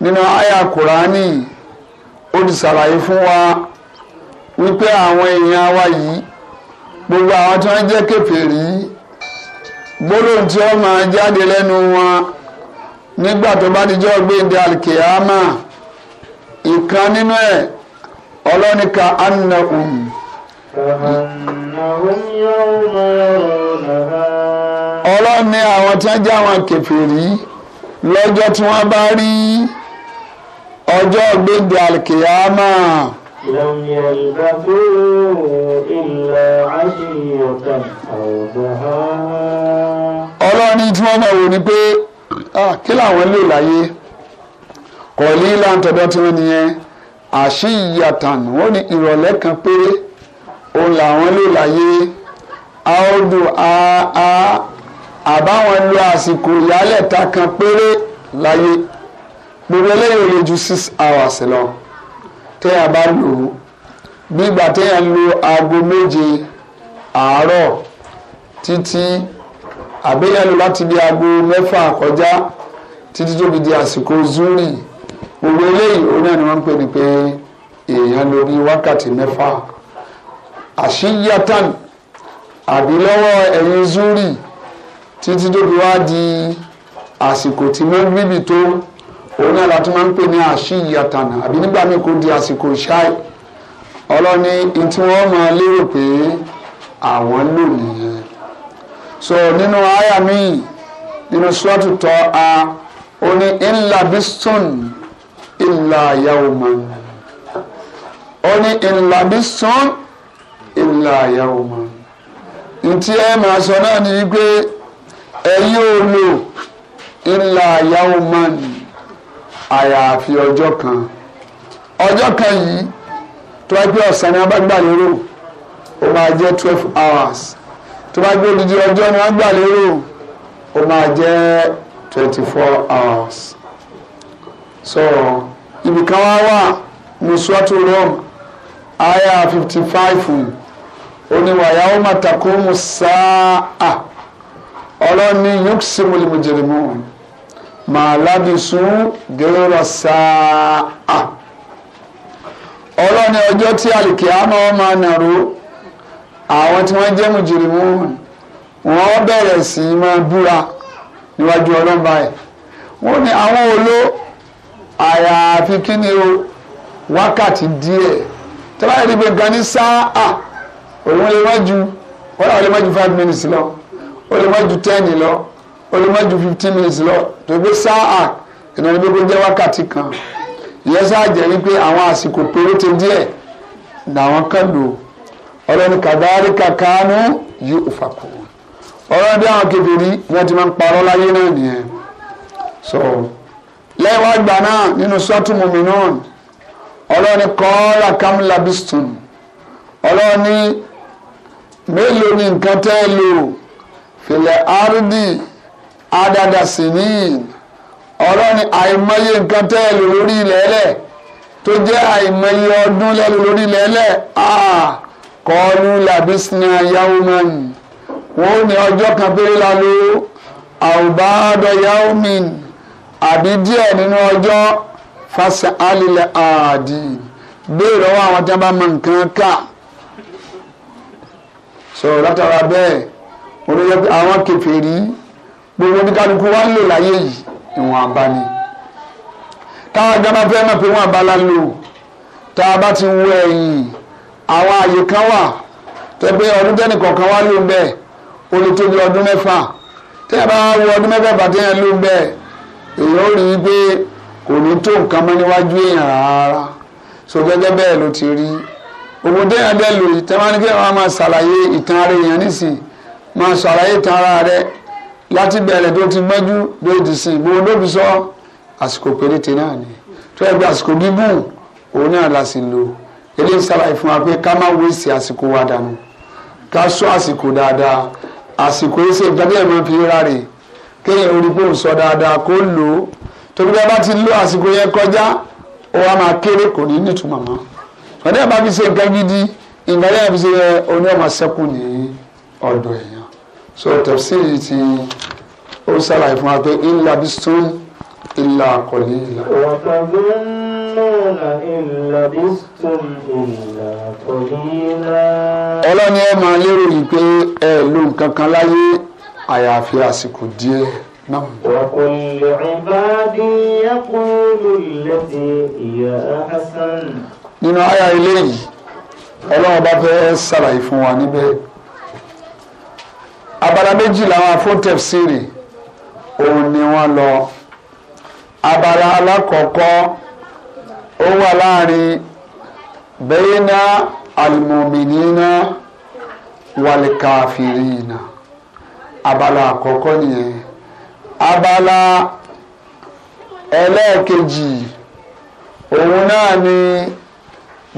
nínú àyà kùránì ó ti ṣàlàyé fún wa wípé àwọn èèyàn wa yìí gbogbo àwọn tí wọ́n jẹ́ kèfèrí gbólóhùn tí wọ́n máa jáde lẹ́nu wọn nígbà tó bá dijọ́ gbéǹde alkiyama ìkan nínú ẹ̀ ọlọ́nìkà annahum. ọlọ́ni àwọn tí wọ́n jẹ́ àwọn kèfèrí lọ́jọ́ tí wọ́n bá rí ọjọ́ gbèdé alikiyama. لم يلبثوا إلا ọlọ́ni tí wọ́n máa wò ni pé kí làwọn lè láyé kọ̀ọ̀lì láǹtọ̀dọ̀ tí wọ́n nìyẹn àṣìyàtàn wọ́n ní ìrọ̀lẹ́ kan péré òun làwọn lè láyé àọ́dún àá àbáwọn lo àsìkò ìyálẹ̀ta kan péré láyé gbogbo eléyìí ò lè ju six hours lọ téèyàn bá lò ó nígbà téèyàn lo aago méje àárọ̀ títí àbẹ́yẹn lò láti bí aago mẹ́fà kọjá títí tó fi di àsìkò zuri gbogbo eléyìí òun náà ni wọ́n ń pè ní pé èèyàn lò bí wákàtí mẹ́fà àṣìyàtàn àbí lọ́wọ́ ẹ̀yìn zuri. E títí tó fi wá di àsìkò tí mọ́gìrìbì tó òun náà láti máa ń pè ní àṣìyàtànà àbí nígbà míì kó di àsìkò ṣáì ọlọ́ni tí wọ́n máa lérò pé àwọn lò nìyẹn so nínú àyà míì nínú sọ́ọ̀tù tọ́ a ó ní ńlá bísùn ńlá yawman ó ní ńlá bísùn ńlá yawman ntí ẹ máa sọ náà ni wípé ẹ̀yin ò lò ilà yàwó mọ́ni àyàfi ọjọ́ kan ọjọ́ kan yìí tó bá gbé ọ̀sán ni wọ́n bá gbà lérò ó máa jẹ́ twelve hours tó bá gbé odidi ọjọ́ ni wọ́n gbà lérò ó máa jẹ́ twenty four hours so ibì kan wá wà nùsùwàtú rome aya fifty five oníwàyà ó mà takùn sáà ọlọ́ni yóò ṣe mo lè mo jèrè mọ́ wọn màá ládìsún gẹ́rọ sáà ọlọ́ni ọjọ́ tí àlìkè àmọ́ máa nàró àwọn tí wọ́n jẹ́ mo wọ́n bẹ̀rẹ̀ sí í máa búra níwájú ọlọ́run báyìí wọ́n ní àwọn olo àyàfi kí ni o wákàtí díẹ̀ tẹ́lá yẹn ni pé gan ní sáà òun lè wájú wọ́n làwọn lè wájú five minutes lọ ó lè má ju ten lọ ó lè má ju fifteen minutes lọ tó gbé sáà ìnáwó gbogbo jẹ́ wákàtí kan ìyẹn sáà jẹ́ wípé àwọn àsìkò péréte díẹ̀ làwọn kan lò ọlọ́ni kàdáárí kàkánú yóò òfàkù ọlọ́ni bí àwọn kébèrè wọ́n ti máa ń parọ́ láyé náà nìyẹn so lẹ́wọ̀n àgbà náà nínú sọ́ọ̀tù mùmínún ọlọ́ni kọ́ọ́lá kamla biston ọlọ́ni mélòó ni nǹkan tẹ́ ẹ lò filẹ̀ ardi adadasinin ọlọ́ni àìmọye nǹkan tẹ́ ẹ lò lórí ilẹ̀ ẹlẹ̀ tó jẹ́ àìmọye ọdún lẹ́nu lórí ilẹ̀ ẹlẹ̀ kọlu labisna yauman wọn ò ní ọjọ́ kan péré la lò àwùbáàdọ̀ yaumin àbí díẹ̀ nínú ọjọ́ fasa alilẹ̀ àdì béèrè ọwọ́ àwọn tí wọ́n bá mọ nǹkan ká so látara bẹ́ẹ̀ olóyè pé àwọn kèfèrí gbogbo oníkálukú wa ń lò láyé yìí ìwọ̀n àbá táwọn agbára fẹ́ mọ̀ pé wọ́n àbá la lò tá a bá ti wo ẹ̀yìn àwọn àyè kan wà tẹ́ pé ọdún tẹ́nì kọ̀ọ̀kan wá ló ń bẹ́ẹ̀ ó lè tóbi ọdún mẹ́fà tẹ́ ẹ bá wo ọdún mẹ́fà bàtẹ́ yẹn ló ń bẹ́ẹ̀ èèyàn ó rí i pé kò ní tó nǹkan mọ́ níwájú èèyàn rárá so gẹ́gẹ́ bẹ́ẹ̀ ló ti rí òwò tẹ́yàn dẹ́ lò yìí tẹ́ wọ́n á ní kí wọ́n á máa ṣàlàyé ìtàn ara èèyàn nísìnyí máa ṣàlàyé tan ara rẹ láti bẹ̀rẹ̀ tó ti mọ́jú ló ti sìn gbogbo ló fi sọ àsìkò péréte náà ni tó ẹgbẹ́ àsìkò gígùn òun náà la sì lò eléyìí ṣàlàyé fún wa pé ká má wéṣì àsìkò wa dànù ká sọ àsìkò dáadáa àsìkò yìí ṣe ìdájọ́ ẹ̀ máa fi ra rè kéèyàn orí pòun sọ dáadáa kó lò ó torí bí a bá ti lo àsìkò yẹn kọjá ó wá máa kéré kò ní nítumọ̀ mọ́ ọ̀dẹ́ bá fi ṣe nǹkan gidi ìgbàlẹ́ àfi ṣe oní so tafsiri ti ó ṣàlàyé fún wa pé illa bistun illa qalila. ọlọ́ni ẹ máa lérò yìí pé ẹ ló nǹkan kan láyé àyàfi àsìkò díẹ̀ náà. وقل لعبادي يقولوا التي هي أحسن. nínú àyà eléyìí ọlọ́run bá fẹ́ ṣàlàyé fún wa níbẹ̀ abala méjì làwọn afọ́ntẹ̀f sírì òun ni wọ́n lọ abala alákọ̀ọ́kọ́ ó wà láàrin bẹ́yìnà alimọ̀mìnínà wàlìkàfìrìnà abala àkọ́kọ́ nìyẹn abala ẹlẹ́ẹ̀kejì òun náà ni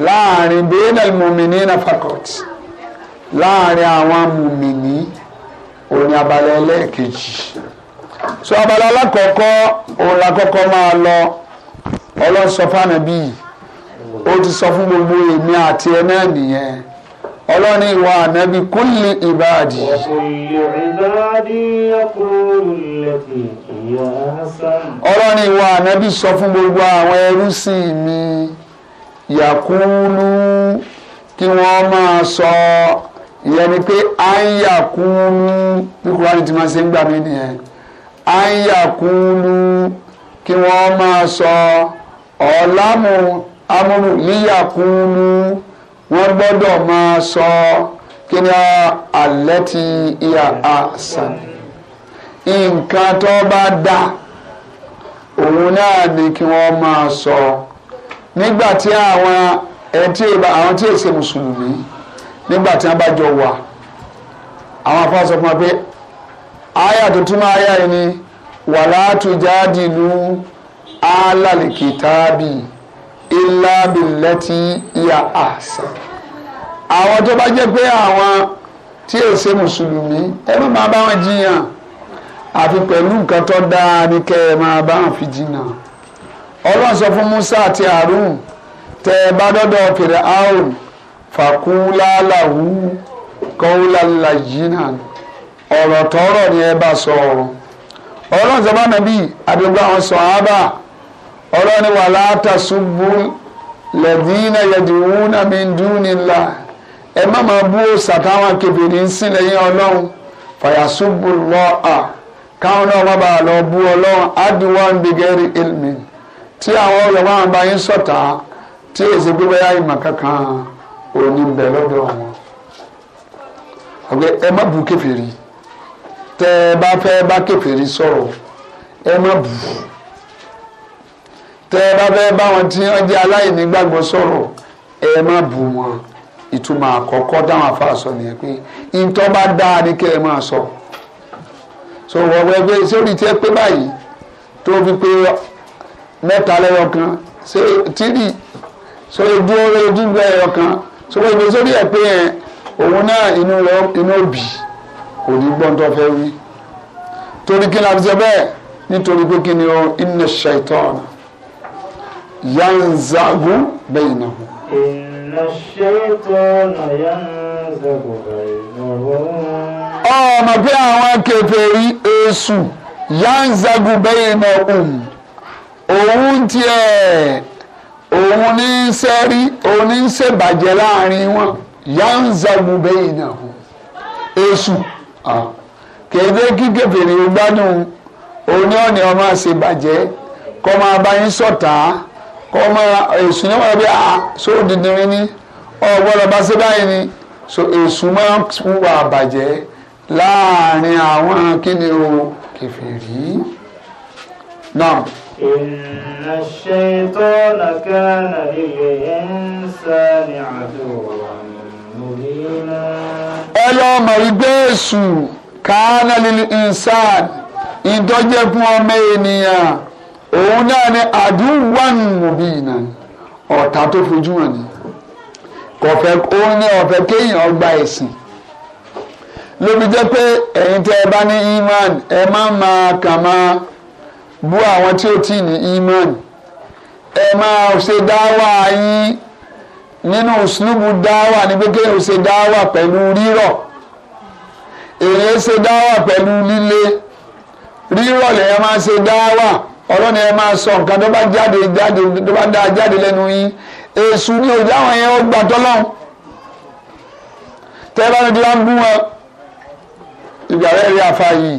láàrin bẹ́yìnà alimọ̀mìnínà fakọ̀tì láàrin àwọn mùmìnì. òun ni abala ẹlẹ́ẹ̀kejì so abala alákọ̀ọ́kọ́ òun la máa lọ ọlọ́run sọ ó ti sọ fún gbogbo èmi àti ẹ náà nìyẹn ọlọ́run ìwà ànábì kúlì ìbáàdì. ọlọ́run ìwà ànábì sọ fún gbogbo àwọn ẹrú sí mi yàkúlù kí wọ́n máa sọ. So, ìyẹn ni pé àyà kúlú bí kúránì ti máa ṣe ń gbà mí nìyẹn àyà kúlú kí wọ́n máa sọ ọ̀làmù amúlù yíyà kúlú wọ́n gbọ́dọ̀ máa sọ kí ni alẹ́ ti ìyà àṣàn nǹkan tó bá dá òun náà ni kí wọ́n máa sọ nígbà tí àwọn ẹni tí mùsùlùmí. nígbà tí wọ́n bá jọ wà àwọn afá sọ fún wa pé àyà tó túmọ̀ àyà yìí ni wàlá tujadilu alal kitabi illa billati ya ahsan àwọn tó bá jẹ́ pé àwọn tí èsè mùsùlùmí ẹ má máa bá wọn jiyàn àfi pẹ̀lú nǹkan tó dáa ní kẹ́ ẹ máa bá wọn fi jìnnà ọlọ́run sọ fún Musa àti Harun tẹ ẹ bá dọ́dọ̀ fèrè áhùn fàkúlàlàwù kọ́ńlàlàjìnà ọ̀rọ̀ tọ́rọ̀ ni ẹ bá sọ ọ̀rọ̀ ọ̀rọ̀ náà sábà nàbí àdúgbò àwọn sọ̀hábà ọ̀rọ̀ ni wà látàṣubú lẹ́dínà yẹ̀dínwúnà mi dúnilá ẹ má máa bú sàtáwọn kébèrè ń sìn lẹ́yìn ọlọ́run fàyàṣubú lọ́ọ̀à káwọn náà má bàa lọ bú ọlọ́run adìwọ́ ń bìgẹ́rì ilmin tí àwọn ọlọ́run bá yín sọ̀tà tí èsì gbígbẹ́ yá ìmọ̀ kankan oni bẹ̀ lọ́dọ̀ wọn. ọ̀gbẹ́ ẹ má bu kèfèrí tẹ́ ẹ bá fẹ́ bá kèfèrí sọ̀rọ̀ ẹ bu tẹ́ ẹ bá fẹ́ bá wọn tí wọ́n jẹ́ aláìní gbàgbọ́ sọ̀rọ̀ ẹ má bu wọn ìtumọ̀ àkọ́kọ́ táwọn afáà nìyẹn pé ìtọ́ bá dáa ni kẹ́ ẹ máa sọ so wọ́n wọ́n pé sórí tí ẹ pé báyìí tó fi pé mẹ́ta lẹ́yọ ṣé tírì sórí dúró lójú lẹ́yọ kan sọgbọ́n ìgbésí orí ẹ̀ pé ẹ̀ òun náà inú lọ inú òbí kò ní gbọ́n tó fẹ́ wí torí kí ni a fi ṣe bẹ́ẹ̀ nítorí pé kí ni o inna shaitan yanzagu bainahu. inna shaitan yanzagu bainahu. ọmọ bí àwọn kèfèrí èṣù yanzagu bainahum òun tiẹ̀ òun ní í sẹ́rí òun ní í ṣèbàjẹ́ láàrin wọn yanzamu bainahu èṣù kéde kíkẹ́ fèrè gbádùn òun ọ̀nì ọmọ àṣebàjẹ́ kọ́ máa bá yín sọ̀tà kọ́ máa èṣù ní wọn bí a so dídìrín ní ọgbọ́dọ̀ bá ṣe báyìí ni so èṣù máa ń wà bàjẹ́ láàrin àwọn kíni o kẹfìrí náà. إن الشيطان كان للإنسان عدوا مبينا ألا مربيس كان للإنسان ìdọ́jẹ́ fún ọmọ ènìyàn òun náà ni àdúwàn mùbínà ọ̀tá tó fojú hàn ní kọ̀fẹ́ òun ní ọ̀fẹ́ kéèyàn gba ẹ̀sìn lóbi jẹ́ pé ẹ̀yin tẹ́ ẹ bá ní imán ẹ má máa kà máa bú àwọn tí ò tí ní imani ẹ máa ṣe dáwà yín nínú uslubu dáwà ní pé kéèyàn ṣe dáwà pẹ̀lú rírọ̀ èèyàn ṣe dáwà pẹ̀lú líle rírọ̀ lèèyàn máa ṣe dáwà ọlọ́ni ẹ máa sọ nǹkan tó bá jáde jáde tó bá dáa jáde lẹ́nu yín èṣù ni òjá àwọn yẹn ó gbà tọ́lọ́hún tẹ́ bá ní ti wá wọn ìgbà rẹ̀ rí afa yìí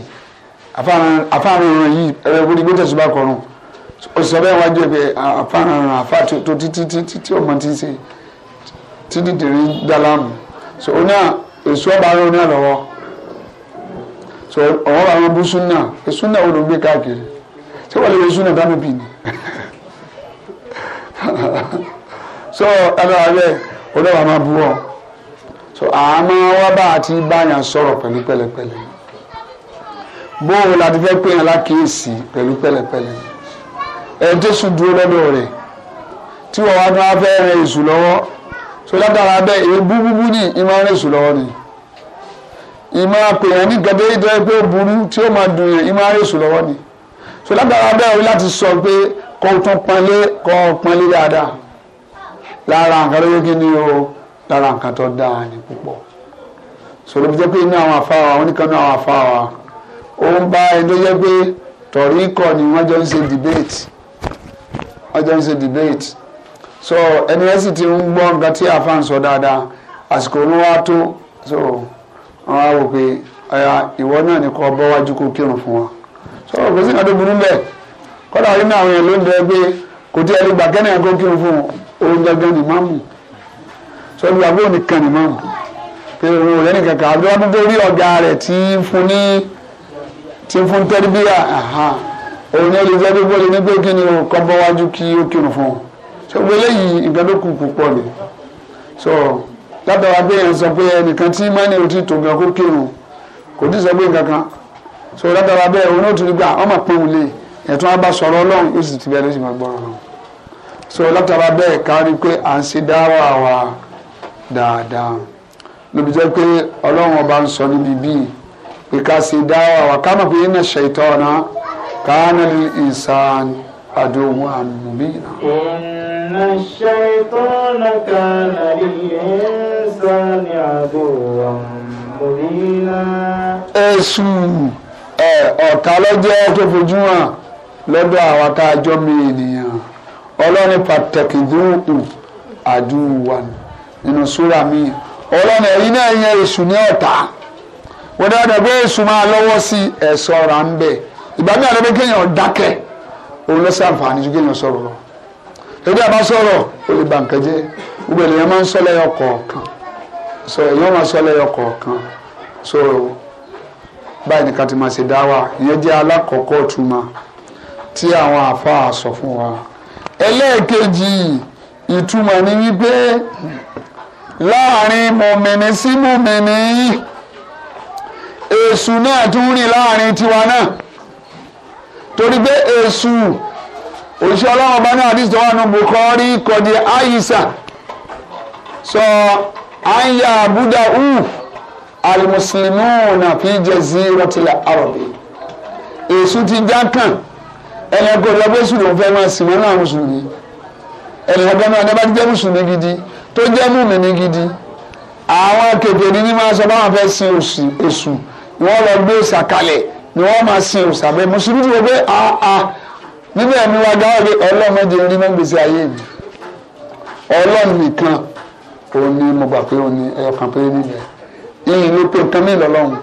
afáàrùn yìí ẹ̀rọ ìwé gbé tẹ̀sùbá kọrùn òṣìṣẹ́ bẹ́ẹ̀ wájú ẹ̀ pé afáàrùn ah, àfa tó títí títí tí ọmọ ti ṣe títí dèrè dálámù so oní èso ọba rẹ oní àlọ́wọ́ so ọwọ́ àwọn bú súnà súnà wo ló gbé káàkiri ṣé wọ́n lè wo súnà dáná bì ní so ẹnu ààrẹ oníwà máa bú ọ so àmọ́ wá bá àti báyà sọ̀rọ̀ pẹ̀lú pẹ̀lẹ́pẹ̀lẹ́ bóun la ti fẹ́ pé yẹn lákèésì pẹ̀lú pẹ̀lẹ́pẹ̀lẹ́ ẹni tó sùn dúró lọ́dọ̀ rẹ̀ tí wọ́n wá ní wọ́n fẹ́ rẹ èṣù lọ́wọ́ tó látara bẹ́ẹ̀ èyí búbúbú ní ìmọ̀ rẹ èṣù lọ́wọ́ ni ìmọ̀ àpèyàn ní gẹ́gẹ́ ìdọ́ pé burú tí ó máa dùn yẹn ìmọ̀ rẹ èṣù lọ́wọ́ ni tó látara bẹ́ẹ̀ wí láti sọ pé kó tún pọnlé kó pọnlé dáadáa lára nǹkan tó yẹ ni o lára nǹkan tó dáa ni púpọ̀ sọlọ́bí jẹ́ pé inú àwọn àfáà wa oníkanú àwọn àfáà wa ó ń bá ẹni tó pé tọ̀rí kọ̀ ni wọ́n jọ ń ṣe debate wọ́n jọ ń ṣe debate so ẹni ẹ sì ti ń gbọ́ nǹkan tí àfa sọ dáadáa àsìkò òun wá tó so wọ́n á wò pé ìwọ náà ni kò bọ́ wájú kó kírun fún wa so kò sí nǹkan tó burú bẹ́ẹ̀ kọ́dà nínú àwọn èèyàn ló ń bẹ pé kò tí ẹni gbà kẹ́nìyàn kó kírun fún òun gangan ni máàmù so ìgbàgbọ́ nìkan ni máàmù pé òun ò lẹ́nìkan kan àbí wọ́n tó rí ọ̀gá rẹ̀ tí fún ní tí ń fún tẹ́lifíà òun náà lè jẹ́ pípọ́ lè ní pé kí ni o kọ́ bọ́ wájú kí ó kírun fún un so gbogbo eléyìí nǹkan tó kù púpọ̀ ni so látara pé ẹ̀ ń sọ pé ẹnìkan tí mọ́ni ò ti tó gan kó kírun kò tí sọ pé nǹkan kan so látara bẹ́ẹ̀ òun náà tún ní gbà ah, ọmọ pé òun lè ẹ̀tún á bá sọ̀rọ̀ ọlọ́run yóò sì ti bẹ́ẹ̀ lọ́sìn máa gbọ́ràn lọ so látara bẹ́ẹ̀ ká rí pé à ń ṣe dáwà wa dáadáa lóbi jẹ́ pé ọlọ́run ọba ń sọ níbi bíi pé ká ṣe dáwà wà ká mọ̀ pé iná ṣètò ọ̀nà káánà lè ìsàn àdóhùn àmúbínà. Inna ash-shaytana kana lil-insani aduwwan mubina. Èṣù ẹ̀ e, ọ̀tá lọ́jọ́ tó fojú hàn lọ́dọ̀ àwọn tá a jọ mi ènìyàn ọlọ́ni pàtàkì dúró àdúwà nínú súra mi ọlọ́ni ẹ̀yin náà yẹn èṣù ní ọ̀tá. wọ́n dáa dàgbé èṣù máa lọ́wọ́ sí ẹ̀ sọ̀rọ̀ à ń bẹ̀ ìgbà mi àdébẹ́ kéèyàn dákẹ́ òun ló ṣàǹfààní ju kéèyàn sọ̀rọ̀ lọ èdè àbá sọ̀rọ̀ ó lè ba nǹkan jẹ́ gbogbo ènìyàn máa ń sọ lẹ́yọ kọ̀ọ̀kan sọ èèyàn máa sọ lẹ́yọ kọ̀ọ̀kan báyìí nìkan wa ìyẹn jẹ́ alákọ̀ọ́kọ́ tí àwọn àfáà sọ fún wa ẹlẹ́ẹ̀kejì ìtumọ̀ èṣù náà tún rìn láàrin tiwa náà torí pé èṣù òṣìṣẹ́ ọlọ́run ọba náà àdìsí tọ́wọ́ nu Bukhari kọ̀dí àyíṣà sọ àyà àbúdà hù alimusulmuna fi jaziratil arabi èṣù ti já kàn ẹnì ọgọ́ ìlú ọgbẹ́sù ló ń fẹ́ máa sìn mọ́nà mùsùlùmí ẹnì ọgbẹ́ náà ní bá ti jẹ́ gidi tó jẹ́ mùmí ní gidi àwọn kèfèrí ní máa sọ báwọn fẹ́ sin èṣù wọ́n lọ gbé òòsà kalẹ̀ ni wọ́n máa sin òòsà bẹ́ẹ̀ mùsùlùmí ti wọ pé àà ah, ah. níbẹ̀ ni wàá dáwọ́ pé ọlọ́mọdé orí náà gbèsè ayé mi ọlọ́run nìkan òun ni mo gbà pé òun ni ẹyọ kan péré níbẹ̀ ìyìn ló pé nǹkan mí lọ́lọ́run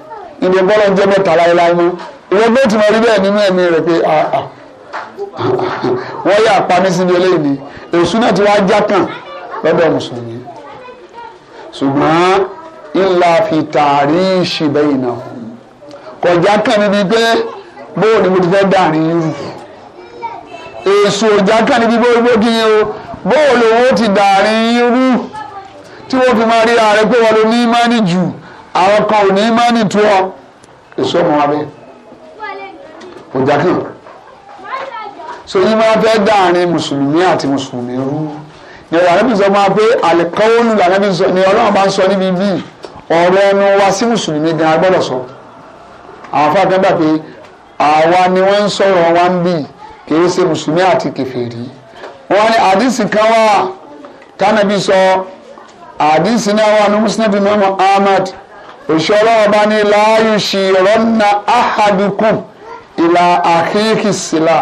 ìdè bọ́lá ń jẹ́ mẹ́ta láéláé mọ́ ìwọ bó ti mọ nínú ẹ̀mí rẹ̀ pé àà ah, wọ́n yà pa mí síbi eléyìí ni èṣù náà ti wá já kàn lọ́dọ̀ mùsùlùmí ṣùgbọ́n ìlà fi tààrí náà kọjá kàn níbi pé bóò ni mo ti fẹ́ dàrin rù èso ọjà kàn níbi gbogbo kí ni o bóò lòun ó ti dàrin rù tí wọ́n fi máa rí ààrẹ pé wọ́n ló ní ìmánì jù àwọn kan ò ní ìmánì tó ọ èso ọmọ wa ọjà kàn so yìí máa fẹ́ dàrin mùsùlùmí àti mùsùlùmí rú ni ọ̀rọ̀ àrẹ́bí sọ máa pé àlẹ́kọ́wọ́lù làrẹ́bí sọ ni ọlọ́run bá ń sọ níbi bíi ọ̀rọ̀ ẹnu wa sí mùsùlùmí gan agbọ́dọ̀ sọ àwọn afáàgbẹ́ gbà pé àwa ni wọ́n ń sọ̀rọ̀ wa ń bì kìí ṣe mùsùlùmí àti kèfèrí wọ́n ní àdìsí kan wà tánàbí sọ àdìsí náà wà ní muslim imam ahmad òṣìṣẹ́ ọlọ́run bá ní láàyè ṣì rọ́nà áhàdùkù ìlà àkíyèkì sílà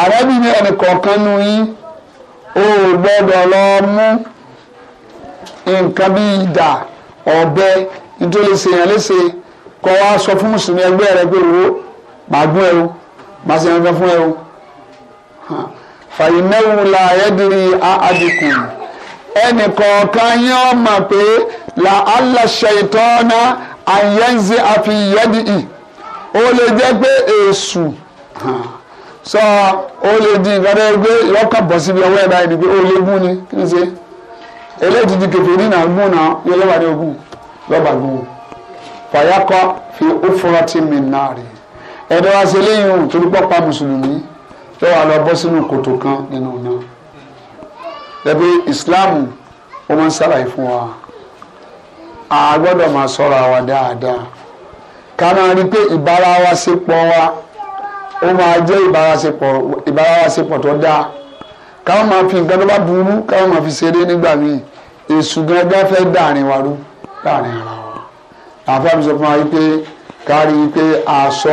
àrẹ́bìnrin ẹnì kọ̀ọ̀kan nu yín ó gbọ́dọ̀ lọ mú nǹkan bíi ìdà ọ̀bẹ nítorí ṣèyàn léṣe kọ́ wa sọ fún mùsùlùmí ẹgbẹ́ rẹ pé wo màá gún ẹ o màá sì yangan fún ẹ o fàyínẹ́wù la ẹ̀dìrì àdìkù ẹnì kọ̀ọ̀kan yín ọ mà pé la aláṣẹ ìtọ́nà àyẹ́nzi àfiyẹ́dìí ó lè jẹ́ pé èṣù sọ ó lè di nǹkan tó yẹ pé bọ̀ síbi ọwọ́ ẹ̀dá ẹni pé ó lè gún ni kí ni ṣe eléyìí ti di kẹfẹ́ ní nàá gún náà ní ọlọ́wà ní ogun lọ́ba gún un fàyàkọ́ fi ófúrọ́tì mi náà rí ẹ̀dọ́ wa ṣe léyìn ohun torí pọ́pá mùsùlùmí tó wà lọ bọ́ sínú kòtò kan nínú náà lẹ́bi ìsìláàmù ó máa ń ṣàlàyé fún wa a gbọ́dọ̀ máa sọ̀rọ̀ àwa dáadáa ká máa rí i pé ìbára wa ṣe ó máa jẹ́ ìbáraṣepọ̀ tó dáa káwọn máa fi nǹkan tó bá burú káwọn máa fi ṣeré nígbà míì èṣù gangan fẹ́ dàrin wa rú láàrin ara wa àwọn fúlàní sọ fún wa wípé kárí wípé a sọ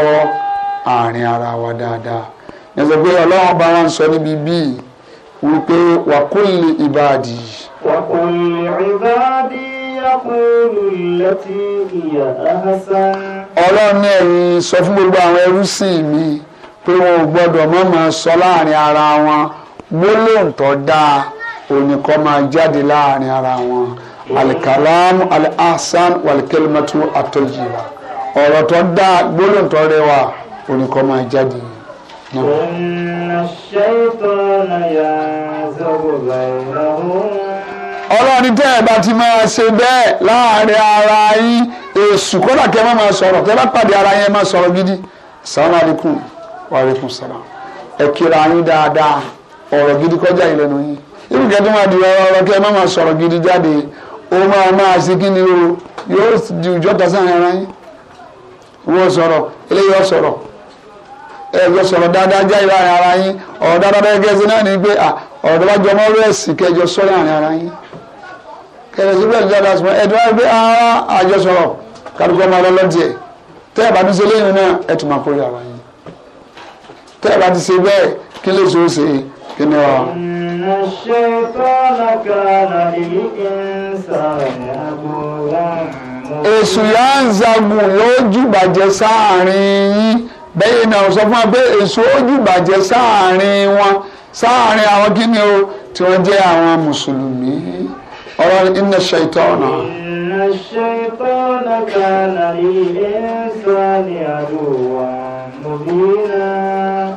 àárín ara wa dáadáa ẹ sọ pé ọlọ́run bá wa ń sọ níbi bíi wípé wàkúlì ìbàdí. wàkúlì ìbàdí yàkúlù lẹ́tí ìyá ahásá. ọlọ́run ní ẹ̀yin sọ fún gbogbo àwọn ẹrú sí mi pé wọn ò gbọ́dọ̀ mọ́ máa sọ láàrin ara wọn gbólóǹtọ́ dáa òní kọ́ máa jáde láàrin ara wọn alikalamu alihasan walikelimatu atoljiwa ọ̀rọ̀ tó dáa gbólóhùn tó rẹwà oníkọ́ máa jáde. ọlọ́run tẹ́ ẹ bá ti máa ṣe bẹ́ẹ̀ láàrin ara yín èṣù kódà kẹ́ ẹ má máa sọ̀rọ̀ tẹ́ ẹ bá pàdé ara yín ẹ má sọ̀rọ̀ gidi salamu alaykum wa alaykum salam ẹ kíra yín dáadáa ọ̀rọ̀ gidi kọjá ìlẹ́nu yín irú kẹ́ẹ́ tó máa di ọ̀rọ̀ kẹ́ ẹ máa sọ̀rọ̀ gidi jáde ó máa máa ṣe kí ni o yóò di ìjọta sáàrin ara yín wọ́n sọ̀rọ̀ eléyìí ọ̀ sọ̀rọ̀ ẹ̀jọ̀ sọ̀rọ̀ dáadáa jẹ́ ìlànà ara yín ọ̀rọ̀ dáadáa bẹ́ẹ̀ náà ni pé ọ̀rọ̀ bá jọmọ́ rẹ̀sì kẹjọ sọ̀rọ̀ àárín ara yín kẹjọ sí bẹ́ẹ̀ dáadáa sọ̀rọ̀ ẹ̀dùn wáyé pé ara àjọ sọ̀rọ̀ kálukú ọmọ ọlọ́lọ́ tiẹ̀ tẹ́ ẹ̀ bá ti ṣe lẹ́yìn náà ẹ̀ tún máa kórè ara yín tẹ́ ẹ̀ bá ti ṣe bẹ́ẹ̀ kí lè so ṣe kí ni ọ̀rọ̀. إن الشيطان ń zagun yóò jùbàjẹ́ sáàrin yín bẹ́ẹ̀ náà sọ fún wa pé sáàrin wọn sáàrin àwọn kí o tí wọ́n jẹ́ àwọn mùsùlùmí ọ̀rọ̀ inna shaytana. inna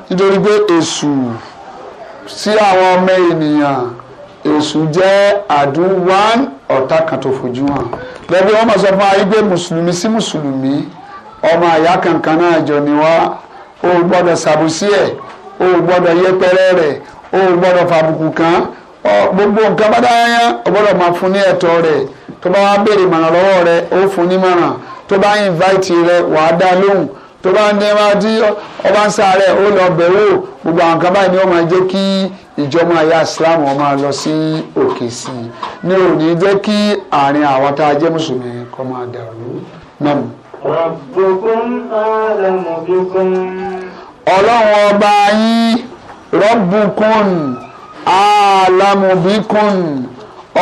nítorí pé sí àwọn ọmọ ènìyàn èṣù jẹ́ àdúwán ọ̀tá kan tó fojú hàn lẹ́bí wọ́n máa sọ fún ayé pé mùsùlùmí sí mùsùlùmí ọmọ àyá kankan náà jọ ni wá o gbọ́dọ̀ ṣàbùsí ẹ̀ o gbọ́dọ̀ yẹpẹrẹ rẹ̀ o gbọ́dọ̀ fàbùkù kan gbogbo nǹkan bá dáyà o gbọ́dọ̀ máa fún ní ẹ̀tọ́ rẹ̀ tó bá wá béèrè ìmọ̀ràn lọ́wọ́ rẹ̀ o fún nímọ̀ràn tó bá invite rẹ̀ wàá dá lóhùn tó bá ń dẹ́wà tí ọba ń sáré ó lọ bẹ̀rẹ̀ o gbogbo àwọn kan báyìí ni ó máa jẹ́ kí ìjọba àyà Islam wọn máa lọ sí òkè sí i ní ò jẹ́ kí àárín àwọn tá a jẹ́ mùsùlùmí kọ́ máa dàrú náà. rabbukum a'lamu bikum. ọlọ́run ọba yín rabbukum a'lamu bikum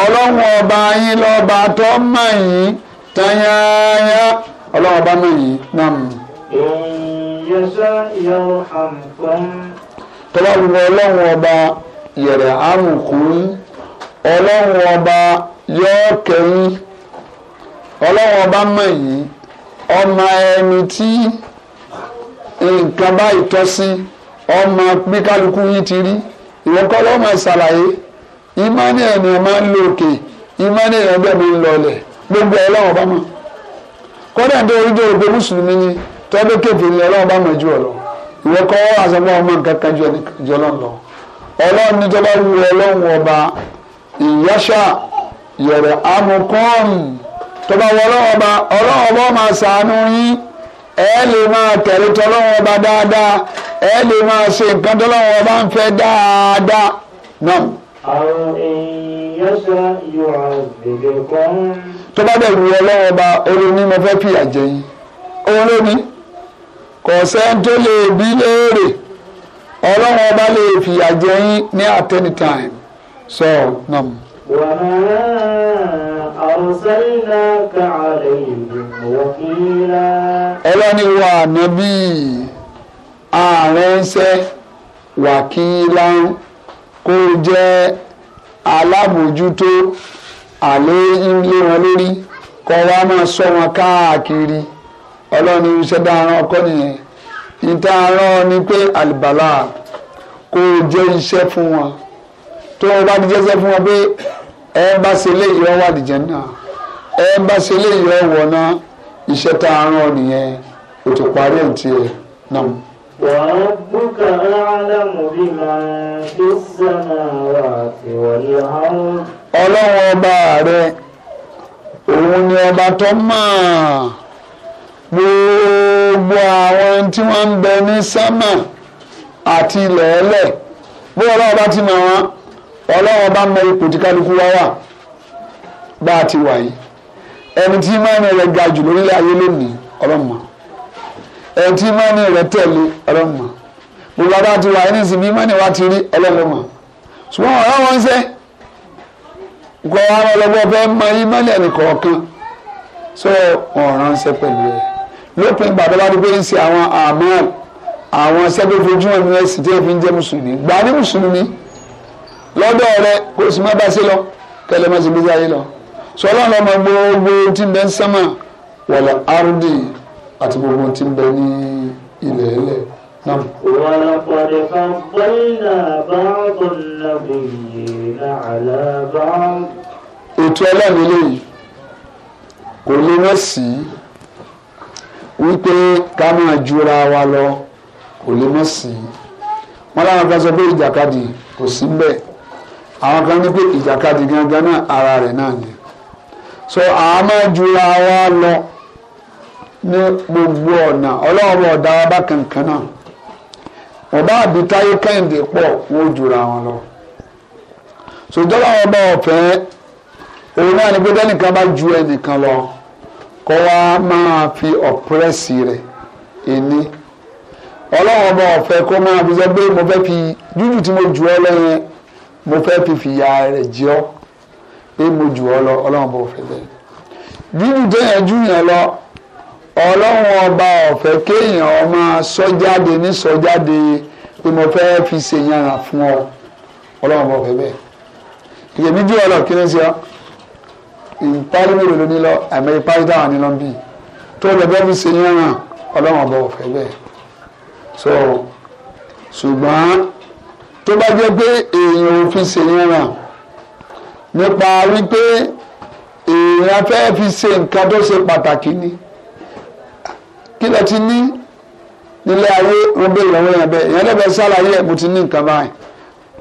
ọlọ́run ọba yín lọ́ba tó mọ̀ yín tayáyá ọlọ́run ọba mọ̀ yín náà. tọ́lá gbogbo ọlọ́run ọba yẹ̀rẹ̀ àmùkún ọlọ́run ọba yọ̀ọ́ kẹ́yìn ọlọ́run ọba mọ̀ yìí ọmọ ẹni tí nǹkan báyìí tọ́ sí ọmọ ti rí lọ́mọ ìmánì máa ń lo òkè ìmánì gbogbo ọlọ́run ọba mọ̀ kọ́dà ń orí dé ògbé tọ́gbẹ́ kébìrì ni ọlọ́run bá mọ̀ ju ọ̀lọ́ ìwọ kọ́ àsọ̀mọ́ ọmọ nǹkan kan ju ọlọ́run lọ ọlọ́run níjọba wu ọlọ́run ọba ìyáṣà yẹ̀rẹ̀ amukọ́ọ̀mù tọ́ba wọ ọlọ́run ọba ọlọ́run ọba máa ṣàánú yín ẹ lè máa tẹ̀lé tọ́lọ́run ọba dáadáa ẹ lè máa ṣe nǹkan tọ́lọ́run ọba ń fẹ́ dáadáa náà. àwọn èèyàn ṣe yọ kan. tọ́ba dẹ̀ wu ọlọ́run ọba olóní mo fẹ́ fìyà jẹ yín olóní. kò sẹ́ni tó lè bí léèrè ọlọ́run ọba lè fìyà jẹ yín ní at any time so nam. wàhálà àrùsẹ́lá káàlẹ̀ ìlú wọ́kìlá. ọlọ́ni wa nàbí àrẹ́sẹ́ wàkìlá kó jẹ́ alábòjútó àlẹ́ ń lé wọn lórí kọ́ wa máa sọ wọn káàkiri. So, ọlọ́run ní iṣẹ́ bá aràn ọkọ nìyẹn níta aràn ni pé àlìbàlà kò jẹ́ iṣẹ́ fún wọn tó o bá ti jẹ́sẹ́ fún wọn pé ẹ bá ṣe léyìí ọ wà náà ẹ bá ṣe léyìí ọ náà iṣẹ́ tá aràn nìyẹn o ti parí ẹ̀ tiẹ̀ náà. وربك أعلم بمن في السماوات والأرض. ọlọ́run ọba rẹ òun ni ọba tó máa. gbogbo àwọn tí wọ́n ń bẹ ní sámà àti lẹ́ẹ̀lẹ̀ bí bá ti ma wọ́n ọlọ́run bá mọ ipò tí kálukú wá wà bá ti wà yìí ẹni tí ìmọ̀ọ́nì rẹ̀ ga jù lórílẹ̀ ayé lónìí ẹni tí rẹ̀ tẹ̀lé ti wà yìí ní ìsinmi wa ti rí ṣùgbọ́n ọ̀rọ̀ wọn ṣe gbọ́ ara fẹ́ mọ ẹnì kọ̀ọ̀kan ọ̀ràn lópin ìgbà tó bá dé pé ń ṣe àwọn àmọ́ àwọn sẹ́gbẹ́fojúmọ́ ní ẹ̀sìn tí wọ́n fi ń jẹ́ mùsùlùmí gbà ní mùsùlùmí lọ́dọ̀ rẹ kó o sì má bá ṣe lọ kẹlẹ́ má ṣe gbéjà yìí lọ sọlá lọmọ gbogbo tí ń bẹ ń sẹ́mà wọ̀lẹ̀ árúndì àti gbogbo tí ń bẹ ní ilẹ̀ ẹlẹ̀ náà. ولقد فضلنا بعض النبيين على بعض. ètò ẹlẹ́mi lè kò lè mẹ́sì í. wípé ká máa jura wa lọ kò lè mọ̀ sí i wọn láwọn kan sọ pé ìjàkadì kò sí àwọn kan ní pé ìjàkadì gangan náà ara rẹ̀ náà so máa jura wa lọ ní gbogbo ọ̀nà ọlọ́run ọ̀dà wa bá kankan náà ọba àbítáyé kẹ́hìndé pọ̀ wọ́n jura wọn lọ sojọ́lá ọba ọ̀fẹ́ òun náà ni pé dẹ́nìkan bá ju ẹnìkan lọ. kó wá máa fi ọ̀pẹ́rẹ́sì rẹ̀ ẹni ọlọ́run ọba ọ̀fẹ́ kó máa fi sọ pé mo fẹ́ fi jújù tí mo jù ọ lẹ́yìn mo fẹ́ fi fìyà rẹ̀ jẹ ọ́ pé mo jù ọ lọ ọlọ́run ọba ọ̀fẹ́ bẹ́ẹ̀ jújù téèyàn jù yàn lọ ọlọ́run ọba ọ̀fẹ́ kéèyàn ọmọ sọ́jáde ní sọ́jáde pé mo fẹ́ fi ṣèyànrà fún ọ ọlọ́run ọba ọ̀fẹ́ bẹ́ẹ̀ ìyẹ̀mí jù ọ lọ kí ló ṣe ọ́ ìparí mélòó ló ní lọ àmọ́ ìparí táwọn ní lọ ń bì tó lọ bẹ́ẹ̀ fi ṣe yẹn hàn ọlọ́run ọba ọ̀fẹ́ bẹ́ẹ̀ so ṣùgbọ́n tó bá jẹ́ pé èèyàn ò fi ṣe yẹn hàn nípa wípé èèyàn fẹ́ fi ṣe nǹkan tó ṣe pàtàkì ni kí lẹ ti ní nílé ayé wọn bẹ ìrànwọ́ yẹn bẹ́ẹ̀ èèyàn lẹ́bẹ̀ẹ́ sálàyé ẹ̀ mo ti ní nǹkan báyìí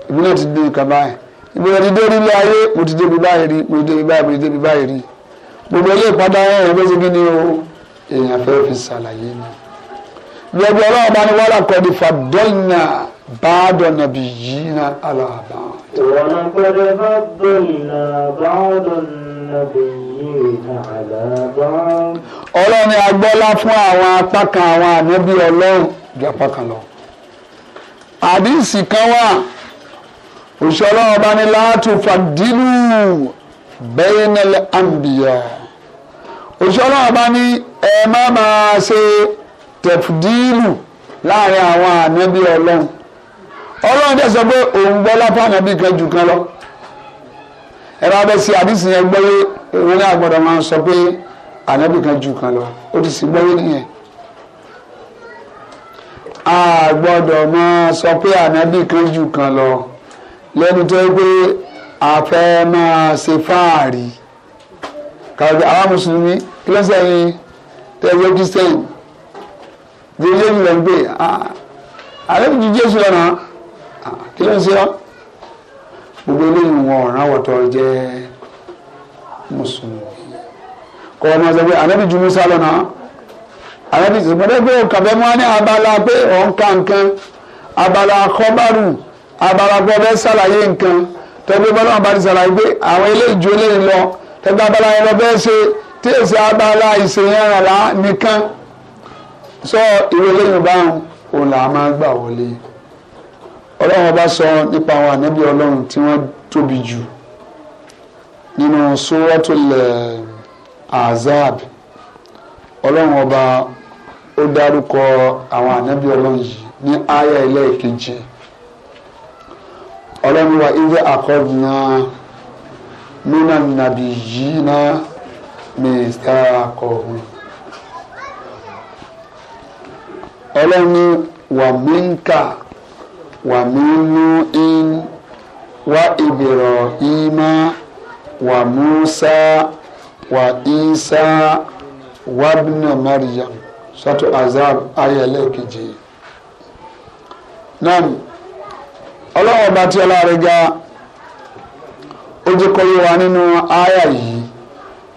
èmi ti ní nǹkan báyìí ìgbé ọdún dé orílẹ̀ ayé mo ti débi báyìí rí mo ti débi báyìí mo ti débi báyìí rí gbogbo ilé ìpadà ẹ̀rọ bó ṣe kí ni o èèyàn fẹ́ fi ṣàlàyé ni. gbogbo ọlọ́run bá ní wọ́n rà kọ́ni fàdọ́yìnà báàdọ̀ nàbì yìí ná àlàbà. ìwọ̀n pẹ̀lẹ́ fàdọ́yìnà báàdọ̀ nàbì yìí ná àlàbà. ọlọ́run agbọ́lá fún àwọn apá kan àwọn ànábì ọlọ́run ju apá kan lọ. àdìsí kan wà òṣìṣẹ́ ọlọ́run bá ní láàtú fàdínú bẹ́ẹ̀nẹ́lẹ̀ àǹbìyà òṣìṣẹ́ ọlọ́run bá ní ẹ má máa ṣe tẹ̀fùdíìlù láàrin àwọn ànábì ọlọ́run ọlọ́run dẹ̀ sọ pé òun gbọ́ lápá ànábì kan jù kan lọ ẹ bá bẹ́ sí àdìsí yẹn gbọ́yé ìwé náà gbọ́dọ̀ máa sọ pé ànábì kan jù kan lọ ó ti sì gbọ́yé nìyẹn a máa sọ pé ànábì kan jù kan lọ lẹ́nu tó yẹ pé a fẹ́ máa ṣe fáàrí kàwé àwọn mùsùlùmí kí ló ń sẹ́yìn tẹ́lẹ̀ kristian gbèsè mi lọ gbé àlẹ́ mi ju jésù lọ́nà kí ló ń ṣe ọ́ gbogbo eléyìí wọn ọ̀ràn àwọ̀tọ́ jẹ́ mùsùlùmí kọ́ ọmọ sọ pé àlẹ́ mi ju musa lọ́nà àlẹ́ mi sọ pé ọ̀dẹ́gbẹ́ òkàbẹ́mọ́ ní abala pé òǹkà nǹkan abala kọ́bárù abalagbe ọbẹ̀ ṣàlàyé nǹkan tẹ́gbẹ́ bọ́lá wọn bá ti ṣàlàyé pé àwọn eléyìí ju eléyìí lọ tẹ́gbẹ́ abala yẹn lọ bẹ́ẹ̀ ṣe tí èsì abala ìṣèyànra nìkan sọ ìwé eléyìí bá wọn òun là á máa gbà wọlé ọlọ́run ọba sọ nípa àwọn ànábì ọlọ́run tí wọ́n tóbi jù nínú suratul eh, azab ọlọ́run ọba ó dárúkọ àwọn ànábì ọlọ́run yìí ní àyà ilé ìkejì ọlọ́run wa ilé àkọ́nà nínà nàbì yìí ná mẹ́ta kọ̀ọ̀hún. ọlọ́run wà mínkà wà mínú in wá ìbẹ̀rọ̀ ìmá wà Musa wà Isa wà bínú Maryam sọ́tò azar ayẹlẹ́ kejì. náà ọlọ́run ọba tí ọlá rẹ̀ ga ó jẹ́ kọ́ yé wa nínú àyà yìí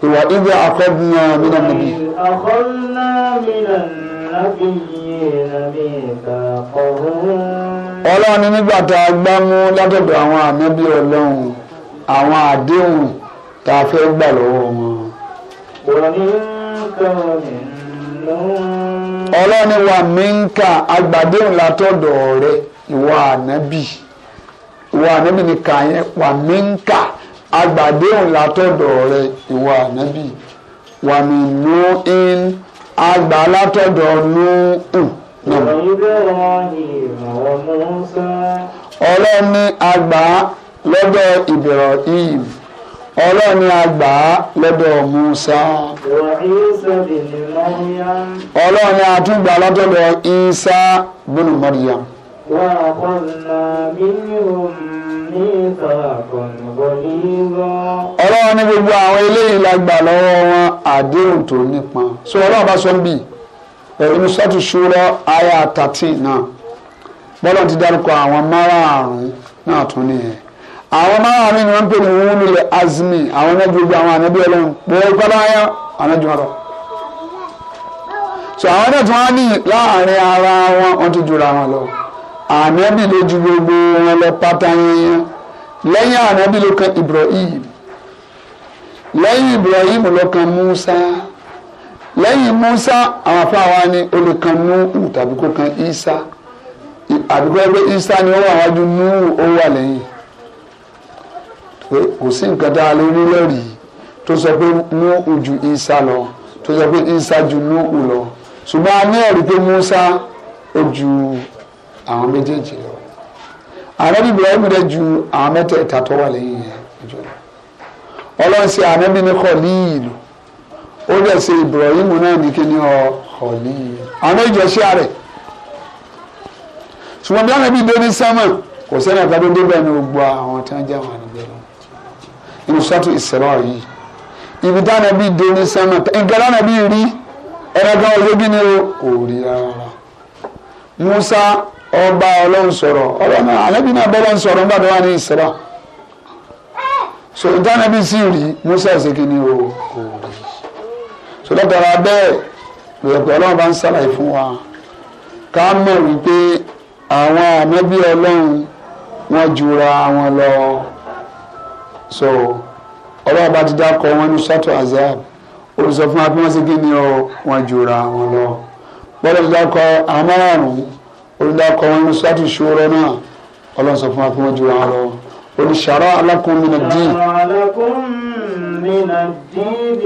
ìwà ìgbà àkọ́dúnà nínú ọmọdé. àkọ́dúnà mìíràn lábí yìí lábí ìgbà ọ̀hún. ọlọ́run ní nígbà tá a gbá mú látọ̀dọ̀ àwọn ànábì ọlọ́run àwọn àdéhùn tá a fẹ́ gbà lọ́wọ́ wọn. wọ́n wà mí ń kà agbàdéhùn látọ̀dọ̀ rẹ̀ ìwà ànábì ìwọ ànábì ni kà yẹn wà mí ń kà agbàdéhùn látọ̀dọ̀ rẹ ìwọ ànábì wà mí nù ín agbà látọ̀dọ̀ nù ù. ọlọ́run ní agbà lọ́dọ̀ ìbẹ̀rọ̀ yìí ọlọ́run ni lọ́dọ̀ Musa. ọlọ́run ni a Isa bùnú Maryam ọlọ́run ní gbogbo àwọn eléyìí la gbà lọ́wọ́ wọn àdéhùn tó nípọn so ọlọ́run bá sọ ń bì ẹ̀rínú sọ́tù ṣúrọ́ aya tàtí náà bọ́lá ti dárúkọ àwọn márààrún náà tún nìyẹn àwọn márààrún ni wọ́n ń pè ní wúlulẹ̀ azmi àwọn náà gbogbo àwọn ànábí ọlọ́run pẹ̀lú ìpàdáyà ànájú wọn so àwọn náà tún wá ní láàárín ara wọn wọ́n tún jura wọn lọ ànábì ló ju gbogbo wọn lọ pátá yẹn lẹ́yìn ànábì kan Ibrahim lẹ́yìn Ibrahim ló kan Musa lẹ́yìn Musa àwọn afáwa ni olùkan Nuhu tàbí kó kan Isa àbíkọ́ ẹgbẹ́ Isa ni ó wà wájú Nuhu ó wà lẹ́yìn kò sí nǹkan tá a lè rí lẹ́rìí tó sọ pé Nuhu ju Isa lọ tó sọ pé Isa ju Nuhu lọ ṣùgbọ́n a ní ẹ̀rí pé Musa ó ju àwọn méjèèjì lọ ànábì ibrahim rẹ ju àwọn mẹ́tẹ̀ẹ̀ta tó wà lẹ́yìn yẹn jù lọ ọlọ́run ṣe ànábì ní kọ́líìlù ó dẹ̀ ṣe ibrahim náà ní kí ni ọ kọ́líìlù àwọn méjì ṣe àrẹ̀ ṣùgbọ́n bí ànábì dé ní sámà kò sẹ́ni àgbàdo débẹ̀ ní gbogbo àwọn tí wọ́n jẹ́ àwọn àdúgbò lọ inú sọ́tù ìṣẹ̀rọ̀ yìí ibi táwọn ẹbí dé ní sámà nǹkan táwọn ẹbí rí ẹ̀rọ kan ọjọ́ bí ni ó kò rí rárá Musa ọba ọlọ́run sọ̀rọ̀ ọlọ́run àlẹ́bí náà bọ́lá ń sọ̀rọ̀ nígbà tó wà ní ìsirà so ìtànẹ́bí sì rí musa ṣèkì ni o so lọ́tara bẹ́ẹ̀ lọ́pọ̀ ọlọ́run bá ń sàlàyé fún wa ká mọ̀ wípé àwọn ànábí ọlọ́run wọ́n jura wọn lọ so ọlọ́run bá ti dákọ̀ wọn ní sọ́tò azab olùsọ fún wa pé wọ́n ṣe kí ni o wọ́n jura wọn lọ bọ́lá ti dákọ̀ àmọ́ràn olùdákọ̀ wọn ní sọ́ọ́tù ìṣòro náà ọlọ́run sọ fún wa pé wọ́n ju wọn lọ oníṣàrọ̀ alákùnrin mi nà dín.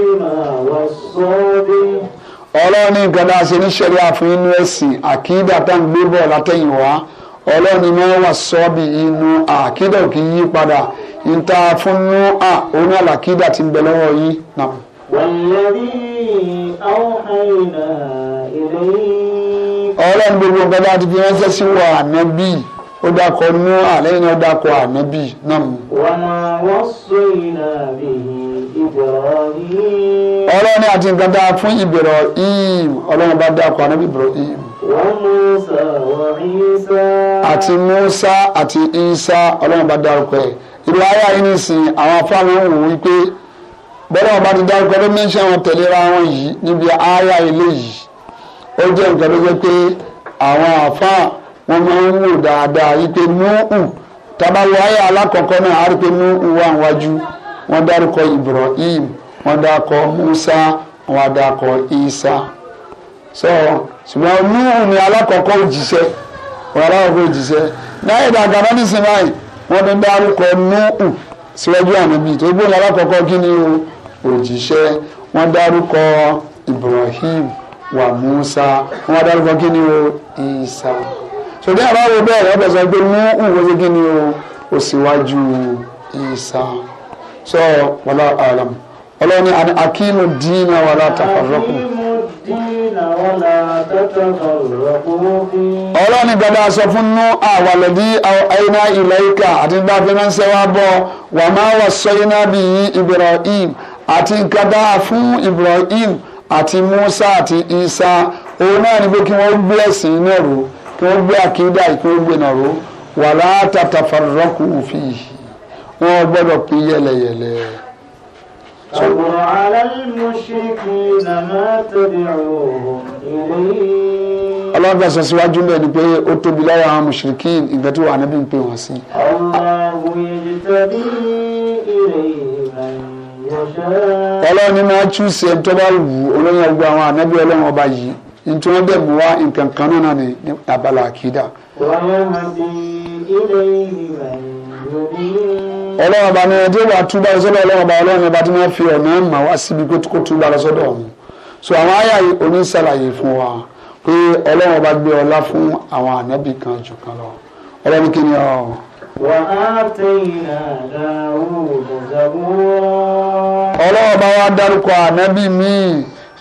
ọlọ́run ní nǹkan dáa ṣe ní sẹ́rí àfin inú ẹ̀sìn àkídà tá à ń gbé bọ̀ látẹ̀yìn wá ọlọ́run ni wà sọ́ọ́bì inú àkídà ò kì í yí padà ìta fún nú à oní àlàkídà ti ń bẹ lọ́wọ́ yìí. wàlẹ́ bí àwọn àyìnà ìlú yìí. ọlọ́run gbogbo nǹkan bá ti fi ránṣẹ́ sí wa ànábì ó dákọ̀ nú àlẹ́yìn náà dákọ̀ ànábì náà mú. ọlọ́run ní àti nǹkan tá a fún Ibrahim ọlọ́run bá dákọ̀ ànábì Ibrahim. wa Musa àti Isa ọlọ́run bá ẹ̀ ìlú ayé àwọn wò ó jẹ́ nǹkan tó jẹ́ pé àwọn àfáà wọ́n máa ń wò dáadáa yìí pé núhù tabawo ayé alákọ̀ọ́kọ́ náà á rí pé núhù wà wọ́n dárúkọ Ibrahim wọ́n dárúkọ Musa wọ́n dárúkọ Isa so ṣùgbọ́n núhù ni alákọ̀ọ́kọ́ òjíṣẹ́ wọ́n alákọ̀ọ́kọ́ òjíṣẹ́ náà ìdàgbà náà nísìnyí báyìí wọ́n ti dárúkọ síwájú tó alákọ̀ọ́kọ́ kí ni òjíṣẹ́ wọ́n dárúkọ Ibrahim wà Musa wọn dárúkọ kí o Isa sọdí àbá wo bẹ́ẹ̀ rẹ̀ ọ̀bẹ̀ sọ mú nǹkan ṣe o ò Isa sọ wàlá alam ọlọ́ni akínú dínà wàlá tàfàrọ́kù. ọlọ́ni gbọ́dọ̀ sọ fún nú àwàlẹ́dí àìná ilẹ̀ ìka àti nígbà fẹ́ máa ń sẹ́wà bọ̀ wà máa wà sọ iná bíi Ibrahim àti nǹkan dáa fún Ibrahim àti Musa àti Isa òun náà ni pé kí wọ́n gbé ẹ̀sìn náà ró kí wọ́n gbé àkídà kí wọ́n gbé náà ró wàlá tatafarraqu fihi wọn gbọ́dọ̀ pín yẹlẹyẹlẹ. ọlọ́gbà sọ síwájú lẹ́ ni pé ó tóbi lára àwọn mùṣírikí ìgbà wà níbi ń pè wọ́n sí. ọ̀rọ̀ àwòyè tẹ̀lé ìrẹ̀yìn ọlọ́run ní máa tú ṣe tó bá wù olóyìn ọgbà àwọn ànábì ọlọ́run ọba yìí nítorí wọ́n dẹ̀ wá nǹkan kan náà ní abala àkídà. ọlọ́run ọba ní ẹjẹ́ wà túbà lọ́sọ́dọ̀ ọlọ́run ọba ọlọ́run ọba tí wọ́n fi ọ̀nà mà wá síbi kó túbà lọ́sọ́dọ̀ ọ̀hún so àwọn àyà yìí oníṣàlàyé fún wa pé ọlọ́run ọba gbé ọlá fún àwọn ànábì kan jù kan lọ ọlọ́run kí ni ọ̀ ọlọ́run bá wá dárúkọ ànábì míì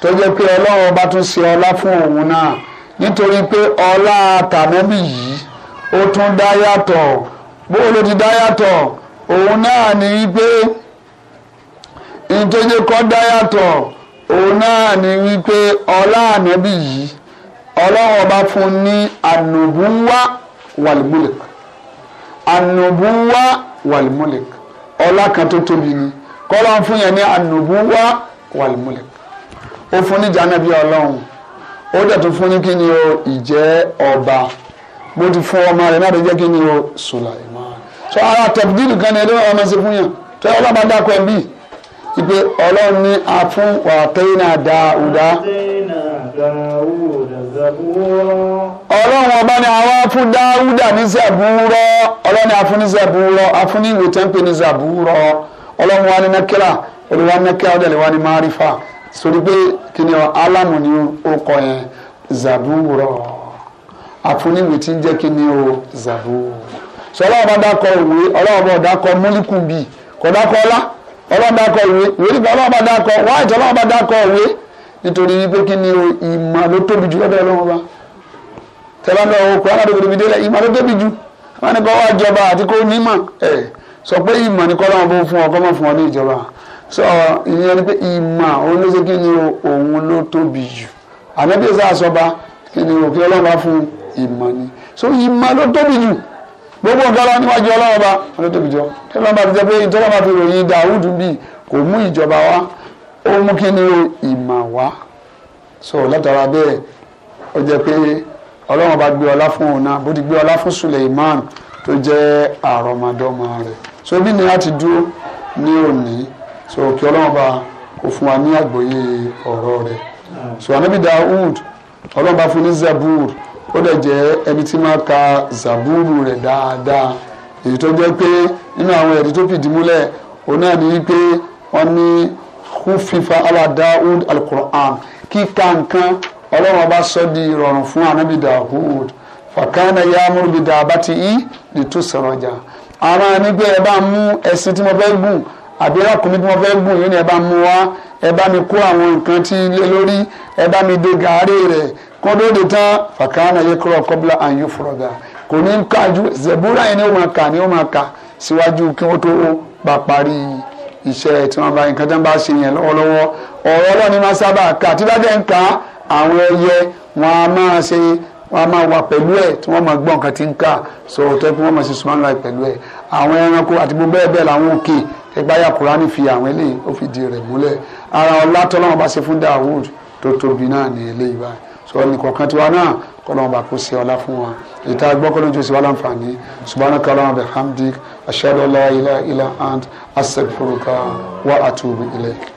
tó jẹ́ pé ọlọ́run bá tún ṣe ọlá fún òun náà nítorí pé ọlá tànábì yìí ó tún dá yàtọ̀ bó ló ti dá yàtọ̀ òun náà ní wípé ìtòjé kọ́ dá yàtọ̀ òun náà ní wípé ọlá ànábì yìí ọlọ́run fún ní ànùbúwá wàlúgbòlẹ̀ anubuwa walmulik ọlá kan tó tóbi ni kọ́lá ń fún yẹn ní anubuwa walmulik ó fún ní janabi ọlọ́run ó dẹ̀ tún fún ní kí ni o ìjẹ́ ọba mo ti fún ọmọ rẹ̀ náà ló jẹ́ kí ni o Sulaiman so ara tẹ̀bídìlì kan ni ẹ̀dọ́ ọmọ sí fún yẹn tó yẹ ọlọ́ba dákọ̀ ẹ̀ bíi ìpè ọlọ́run ní a wàtẹ́yìn náà dáadáa ọlọ́run ọba ni àwa fún dáúdà ní zàbúrọ́ ọlọ́run àfún ní zàbúrọ́ àfún ní ìwé tẹ́ńpé ní zàbúrọ́ ọlọ́run wa ní nẹ́kẹ́là olùwà nẹ́kẹ́là ọ̀dẹ̀lẹ̀ wa ní márífà sórí pé kí ni alamu ni ó kọ yẹn zàbúrọ́ àfún ní ìwé tí ń jẹ́ kí ni ó zàbúrọ́ sọ ọlọ́run ọba dákọ ìwé ọlọ́run ọba dákọ múlíkù bì kò dákọ ọlá ọlọ́run dákọ ìwé ìwé nítorí pé kí ni o ìmọ̀ ló tóbi jù lọ́dọ̀ ọlọ́run wa tẹ́lá ń lọ òkú aládùúgbò mi délẹ̀ ìmọ̀ ló tóbi jù wọn ni kọ́ wá jọba àti kó nímọ̀ ẹ̀ sọ pé ìmọ̀ ni kọ́ lọ́wọ́ bó fún ọ kọ́ mọ̀ fún ọ ní ìjọba sọ ìyẹn ni pé ìmọ̀ òun ló ṣe kí ni òun ló tóbi jù ànábìyẹ sá sọba kí ni o ọlọ́run bá fún ìmọ̀ ni so ìmọ̀ ló tóbi jù gbogbo nǹkan lọ níwájú ọlọ́run bá ló tóbi jọ tẹ́lá bá ti jẹ́ pé ìjọba ni o wá so látara bẹ́ẹ̀ ó jẹ́ pé ọlọ́run bá gbé ọlá fún òun bó ti gbé ọlá fún Suleiman tó jẹ́ àrọ̀mọdọ́mọ rẹ̀ so bí ni a ti dúró ní òní so kí ọlọ́run bá kó fún wa ní àgbọ́yé ọ̀rọ̀ rẹ̀ so anabi Dawud ọlọ́run bá fún ní Zabur ó dẹ̀ jẹ́ ẹni tí máa ka Zaburu rẹ̀ dáadáa èyí tó jẹ́ pé nínú àwọn ẹ̀rí tó fìdí múlẹ̀ òun náà ní pé wọ́n ní hufifa ala Dawud al-Qur'an kíka nǹkan ọlọ́run ọba sọ di ìrọ̀rùn fún anabi Dawud fakana yamuru bi dàbàtì yìí ni tó sọ̀rọ̀ ọjà ara ẹni pé ẹ bá mú ẹṣin tí mo fẹ́ gùn àbí ọkùnrin tí mo fẹ́ gùn yìí ni ẹ bá mú wá ẹ bá mi kó àwọn nǹkan tí ilé lórí ẹ bá mi de gàárì rẹ̀ kó dóde tán fakana yẹ kúrò kọ́bílà àyùn fúrọ̀gà kò ní ká ju zebura yẹn ni ó máa kà ni ó máa kà síwájú kí wọ́n tó bá yìí iṣẹ́ tí wọ́n bá nǹkan tí wọ́n bá ṣe yẹn lọ́wọ́lọ́wọ́ ọ̀rọ̀ ọlọ́ni máa sábà kà tí bá dẹ̀ ń kà àwọn ẹyẹ wọn a máa ṣe wọn a máa wà pẹ̀lú ẹ̀ tí wọ́n máa gbọ́ nǹkan tí ń kà so tó kí wọ́n máa ṣe sùnmọ́n láì pẹ̀lú ẹ̀ àwọn ẹranko àti gbogbo bẹ́ẹ̀ bẹ́ẹ̀ làwọn òkè ẹgbáyà kúránì fi àwọn eléyìí ó fi di rẹ̀ múlẹ̀ ara ọlá bá ṣe fún Dawud tó tóbi náà ní eléyìí báyìí so ẹnìkọ̀ọ̀kan tiwa náà kọlọ́wọ́n bá kó ṣe ọlá fún wa ìta gbọ́kọ́lójú sí wa láǹfààní subhanaka Allahumma bihamdik ashhadu an la ilaha illa and astaghfiruka wa atubu ilayk.